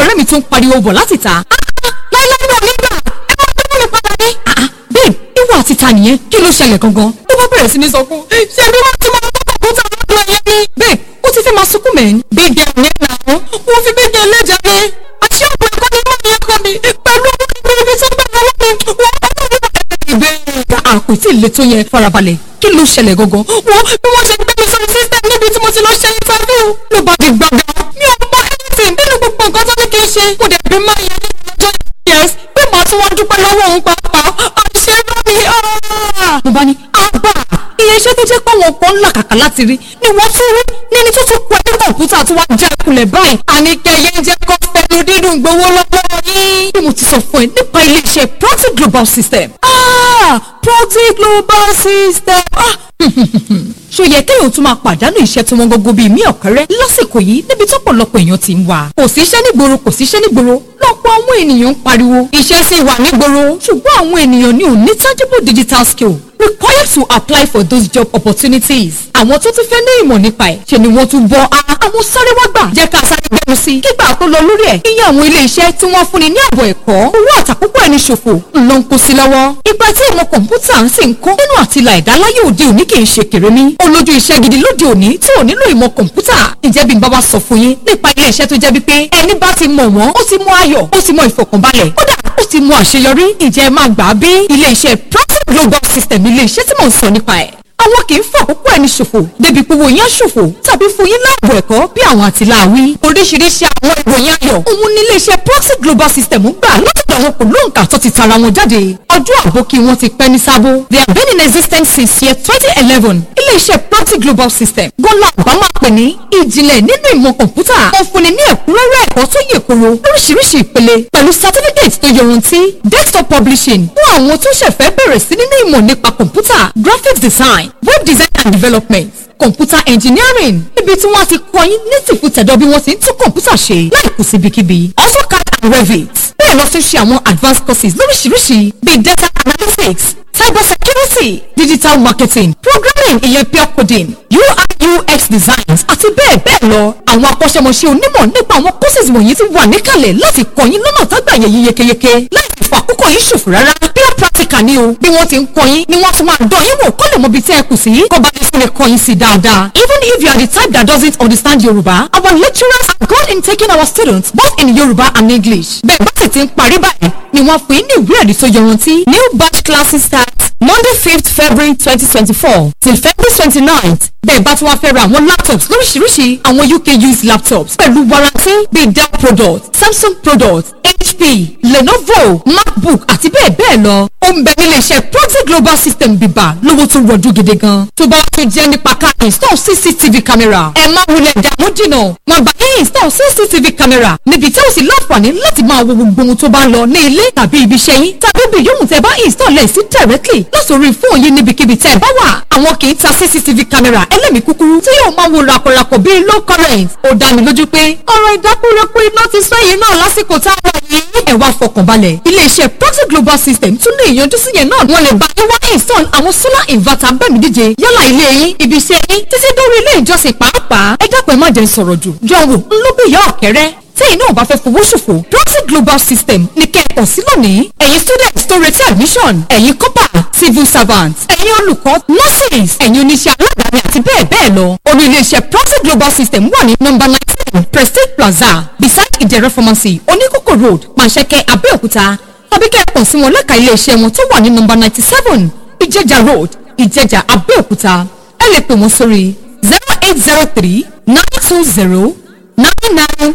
ọ̀rẹ́ mi tó ń pariwo bọ̀ láti ta. láíláí náà nígbà ẹ máa tó múlẹ̀ padà ní. babe ìwọ àti ta nìyẹn kí ló ṣẹlẹ̀ gangan. ló bá bẹ̀rẹ̀ sí ní sọkún ṣe bí wọ́n ti máa ń bọ̀ kúta lọ́dún ẹ̀yẹ ni. babe ó ti fẹ́ máa sunkún mẹ́rin. bébí ẹ̀rù yẹn là ó mo fi bébí ẹlẹ́jà mi. àṣé ọ̀pọ̀ ẹ̀kọ́ ni wọ́n yẹn kọ́ mi pẹ̀lú kò tí ì le tó yẹn farabalẹ̀ kí ló ṣẹlẹ̀ gangan wọ́n bí wọ́n ṣe gbé mi sórí sísítẹ́ẹ̀mù níbi tí mo ti lọ ṣe ìtàgé o ló bá di gbàgbọ́ ṣe mo dẹ̀ bí máa yẹ ní ọjọ́ years pé màá tún wá dúpẹ́ lọ́wọ́ òun pàápàá àṣẹ lórí ọ̀ọ́. Ah! mo bá ní abba iye iṣẹ́ tó jẹ́ pé àwọn kan làkàkà láti rí ni wọ́n tún rí ní ẹni tó tún kọ ẹni kọ̀ǹpútà tó wá já kulẹ̀ báyìí. àníkẹyẹ ń jẹ́ kó fẹnu dídùn gbowó lọ́wọ́ yín. bí mo ti sọ fún ẹ nípa ilé iṣẹ́ Proti Global System. ah Proti Global System. ah *laughs* ṣó yẹ kéèyàn tún máa pàdánù iṣẹ́ tí wọ́n gógó bíi mí ọ̀kẹ́rẹ́ lásìkò yìí níbi tọ́pọ̀lọpọ̀ èèyàn ti ń wà. kò sí iṣẹ́ nígboro kò sí iṣẹ́ nígboro lọ́pọ̀ àwọn ènìyàn ń pariwo. iṣẹ́ sì wà nígboro ṣùgbọ́n àwọn ènìyàn ni ò ní tangible digital skill required to apply for those job opportunities. àwọn tó ti fẹ́ ní ìmọ̀ nípa ẹ̀ ṣe ni wọ́n tún bọ́ a. àwọn sáré wá gbà jẹ́ ká sáré gbẹ́nu sí i. kígbà tó lọ lórí ẹ̀ iye àwọn ilé iṣẹ́ tí wọ́n fúnni ní ààbọ̀ ẹ̀kọ́ owó àtàkùkọ̀ ẹni ṣòfò ńlọ ń kó sí lọ́wọ́. ipa tí ìmọ̀ kọ̀ǹpútà ń sì ń kó nínú àtìlà ìdáláyé òde òní kì í ṣe kèrémí. olójú iṣẹ́ gidi lóde òní tí ò nílò ìmọ̀ kọ̀ǹpútà ǹjẹ́ bí n bá wa sọ fún yín nípa ilé iṣẹ́ tó jẹ́ bí pé ẹni bá ti mọ̀ wọ́n ó ti mú ayọ̀ ó ti mọ ìfọ̀kànbalẹ̀ kódà ó ti mú àṣeyọrí ǹjẹ́ máa gbà á bí ilé iṣẹ́ Prime Global System 那些怎么说你快。àwọn kì í fàkókò ẹni ṣòfò débi pé wòyàn ṣòfò tàbí fún láàbò ẹ̀kọ́ bí àwọn àtìláàwí. oríṣiríṣi àwọn ìròyìn ayọ̀ òun ní iléeṣẹ́ proxy global system gbà látọ̀dọ̀ àwọn kò lóǹkà tó ti tara wọn jáde. ọjọ́ àbò kí wọ́n ti pẹ́ ní sábó. they have been in existence since year twenty eleven. iléeṣẹ́ proxy global system gọ́lá àbámọ́ pè ní ìjìnlẹ̀ nínú ìmọ̀ kọ̀ǹpútà. wọ́n fún ni ní ẹ̀kúnrẹ́rẹ́ ẹ̀kọ́ tó yè koro lóríṣiríṣi ìpele pẹ̀lú certificate tó web design and development computer engineering níbi tí wọ́n ti kọ́ yín ní tìkútẹ̀dọ̀ bí wọ́n ti ń tún kọ̀ǹpútà ṣe láì kù síbikíbi also card and revit náà lọ tún ṣe àwọn advanced courses lóríṣiríṣi bíi data analytics cyber security digital marketing programming ìyẹn pure coding ui ux designs àti bẹ́ẹ̀ bẹ́ẹ̀ lọ àwọn akọ́ṣẹ́mọṣẹ́ onímọ̀ nípa àwọn courses wọ̀nyí ti wà níkàlẹ̀ láti kọ́ yín lọ́nà tágbà yẹ yín yékéyéké láì fà àkókò yín ṣòfò rárá pure practical ni o bí wọ́n ti ń kọ́ yín ni wọ́n tún máa dán yín wò kó lè mọ ibi tẹ́ ẹ kù sí kó bá lè fún ẹ kọ́ yín sí dáadáa even if you are the type that doesn't understand Yoruba our lecturers are good in taking our students both in Yoruba and English bẹ́ẹ̀ bá sì ti ti ń parí báyìí ni wọ́n fún yín ní ìwé ẹ̀rí tó yọrantí. new batch classes start monday fifth february twenty twenty four till february twenty ninth bẹ́ẹ̀ bá tún wá fẹ́ ra àwọn laptops lóríṣiríṣi àwọn uk used laptops pẹ̀lú warranty bíi dell product samsung product hp lenovo macbook àti bẹ́ẹ̀ bẹ́ẹ̀ lọ ó ń bẹ nílé iṣẹ́ proti global system bíbá lówó tó rọjú gidi gan tó bá tún jẹ́ nípa ká install cctv camera ẹ má wulẹ̀ dààmú jìnnà má bàa install cctv camera níbi tí ó sì láǹfààní láti máa wo gbogbo ohun tó bá lọ ní ilé tàbí ibi iṣẹ́ yín tàbí bí yóò tẹ́ bá install ẹ̀ sí directly lọ́sọ̀rí fóònù yín níbikíbi tẹ́ ẹ bá wà àwọn kì í ta cctv camera ẹlẹ́mìí kúkúrú tí yóò máa wo ràkọ̀ràkọ̀ bíi low current ó dá mi lójú pé ọ̀rọ̀ ìdákúrekú iná ti sọ èyí náà lásìkò tá a wà yìí ẹ wá fọkànbalẹ̀ iléeṣẹ́ proxy global system tún ní ìyanjú sí yẹn náà wọ́n lè bá yín wá install àwọn solar inverter bẹ́ẹ̀ mi díje yálà ilé yín ibi iṣẹ́ yín títí dórí ilé ìjọsìn pàápàá ẹ dápẹ́ má jẹ́ sọ̀rọ̀ jù yọ̀wò ńlọ́bí yọ̀ ọ̀kẹ́rẹ́ tẹ́yìn náà bá fẹ́ fowó ṣòfò Proxy Global System ní kẹ́ẹ̀kan sí lónìí ẹ̀yin students tó retí admission ẹ̀yin kọ́pà civil servants ẹ̀yin olùkọ́ nurses ẹ̀yin oníṣẹ́ aládàáni àti bẹ́ẹ̀ bẹ́ẹ̀ lọ olú iléeṣẹ́ Proxy Global System wà ní nọ́mbà nineteen Prestige Plaza beside Ìdẹ̀ra pharmacy Oníkókó road Panṣẹ́kẹ́ Abẹ́òkúta tàbí kẹ́ẹ̀kan sí wọn lẹ́ka iléeṣẹ́ wọn tó wà ní nọ́mbà ninety seven Ìjẹ̀jà road Ìjẹ̀jà Abẹ́òkúta ẹ lè pè wọ́n sórí zero eight zero three nine two zero nine nine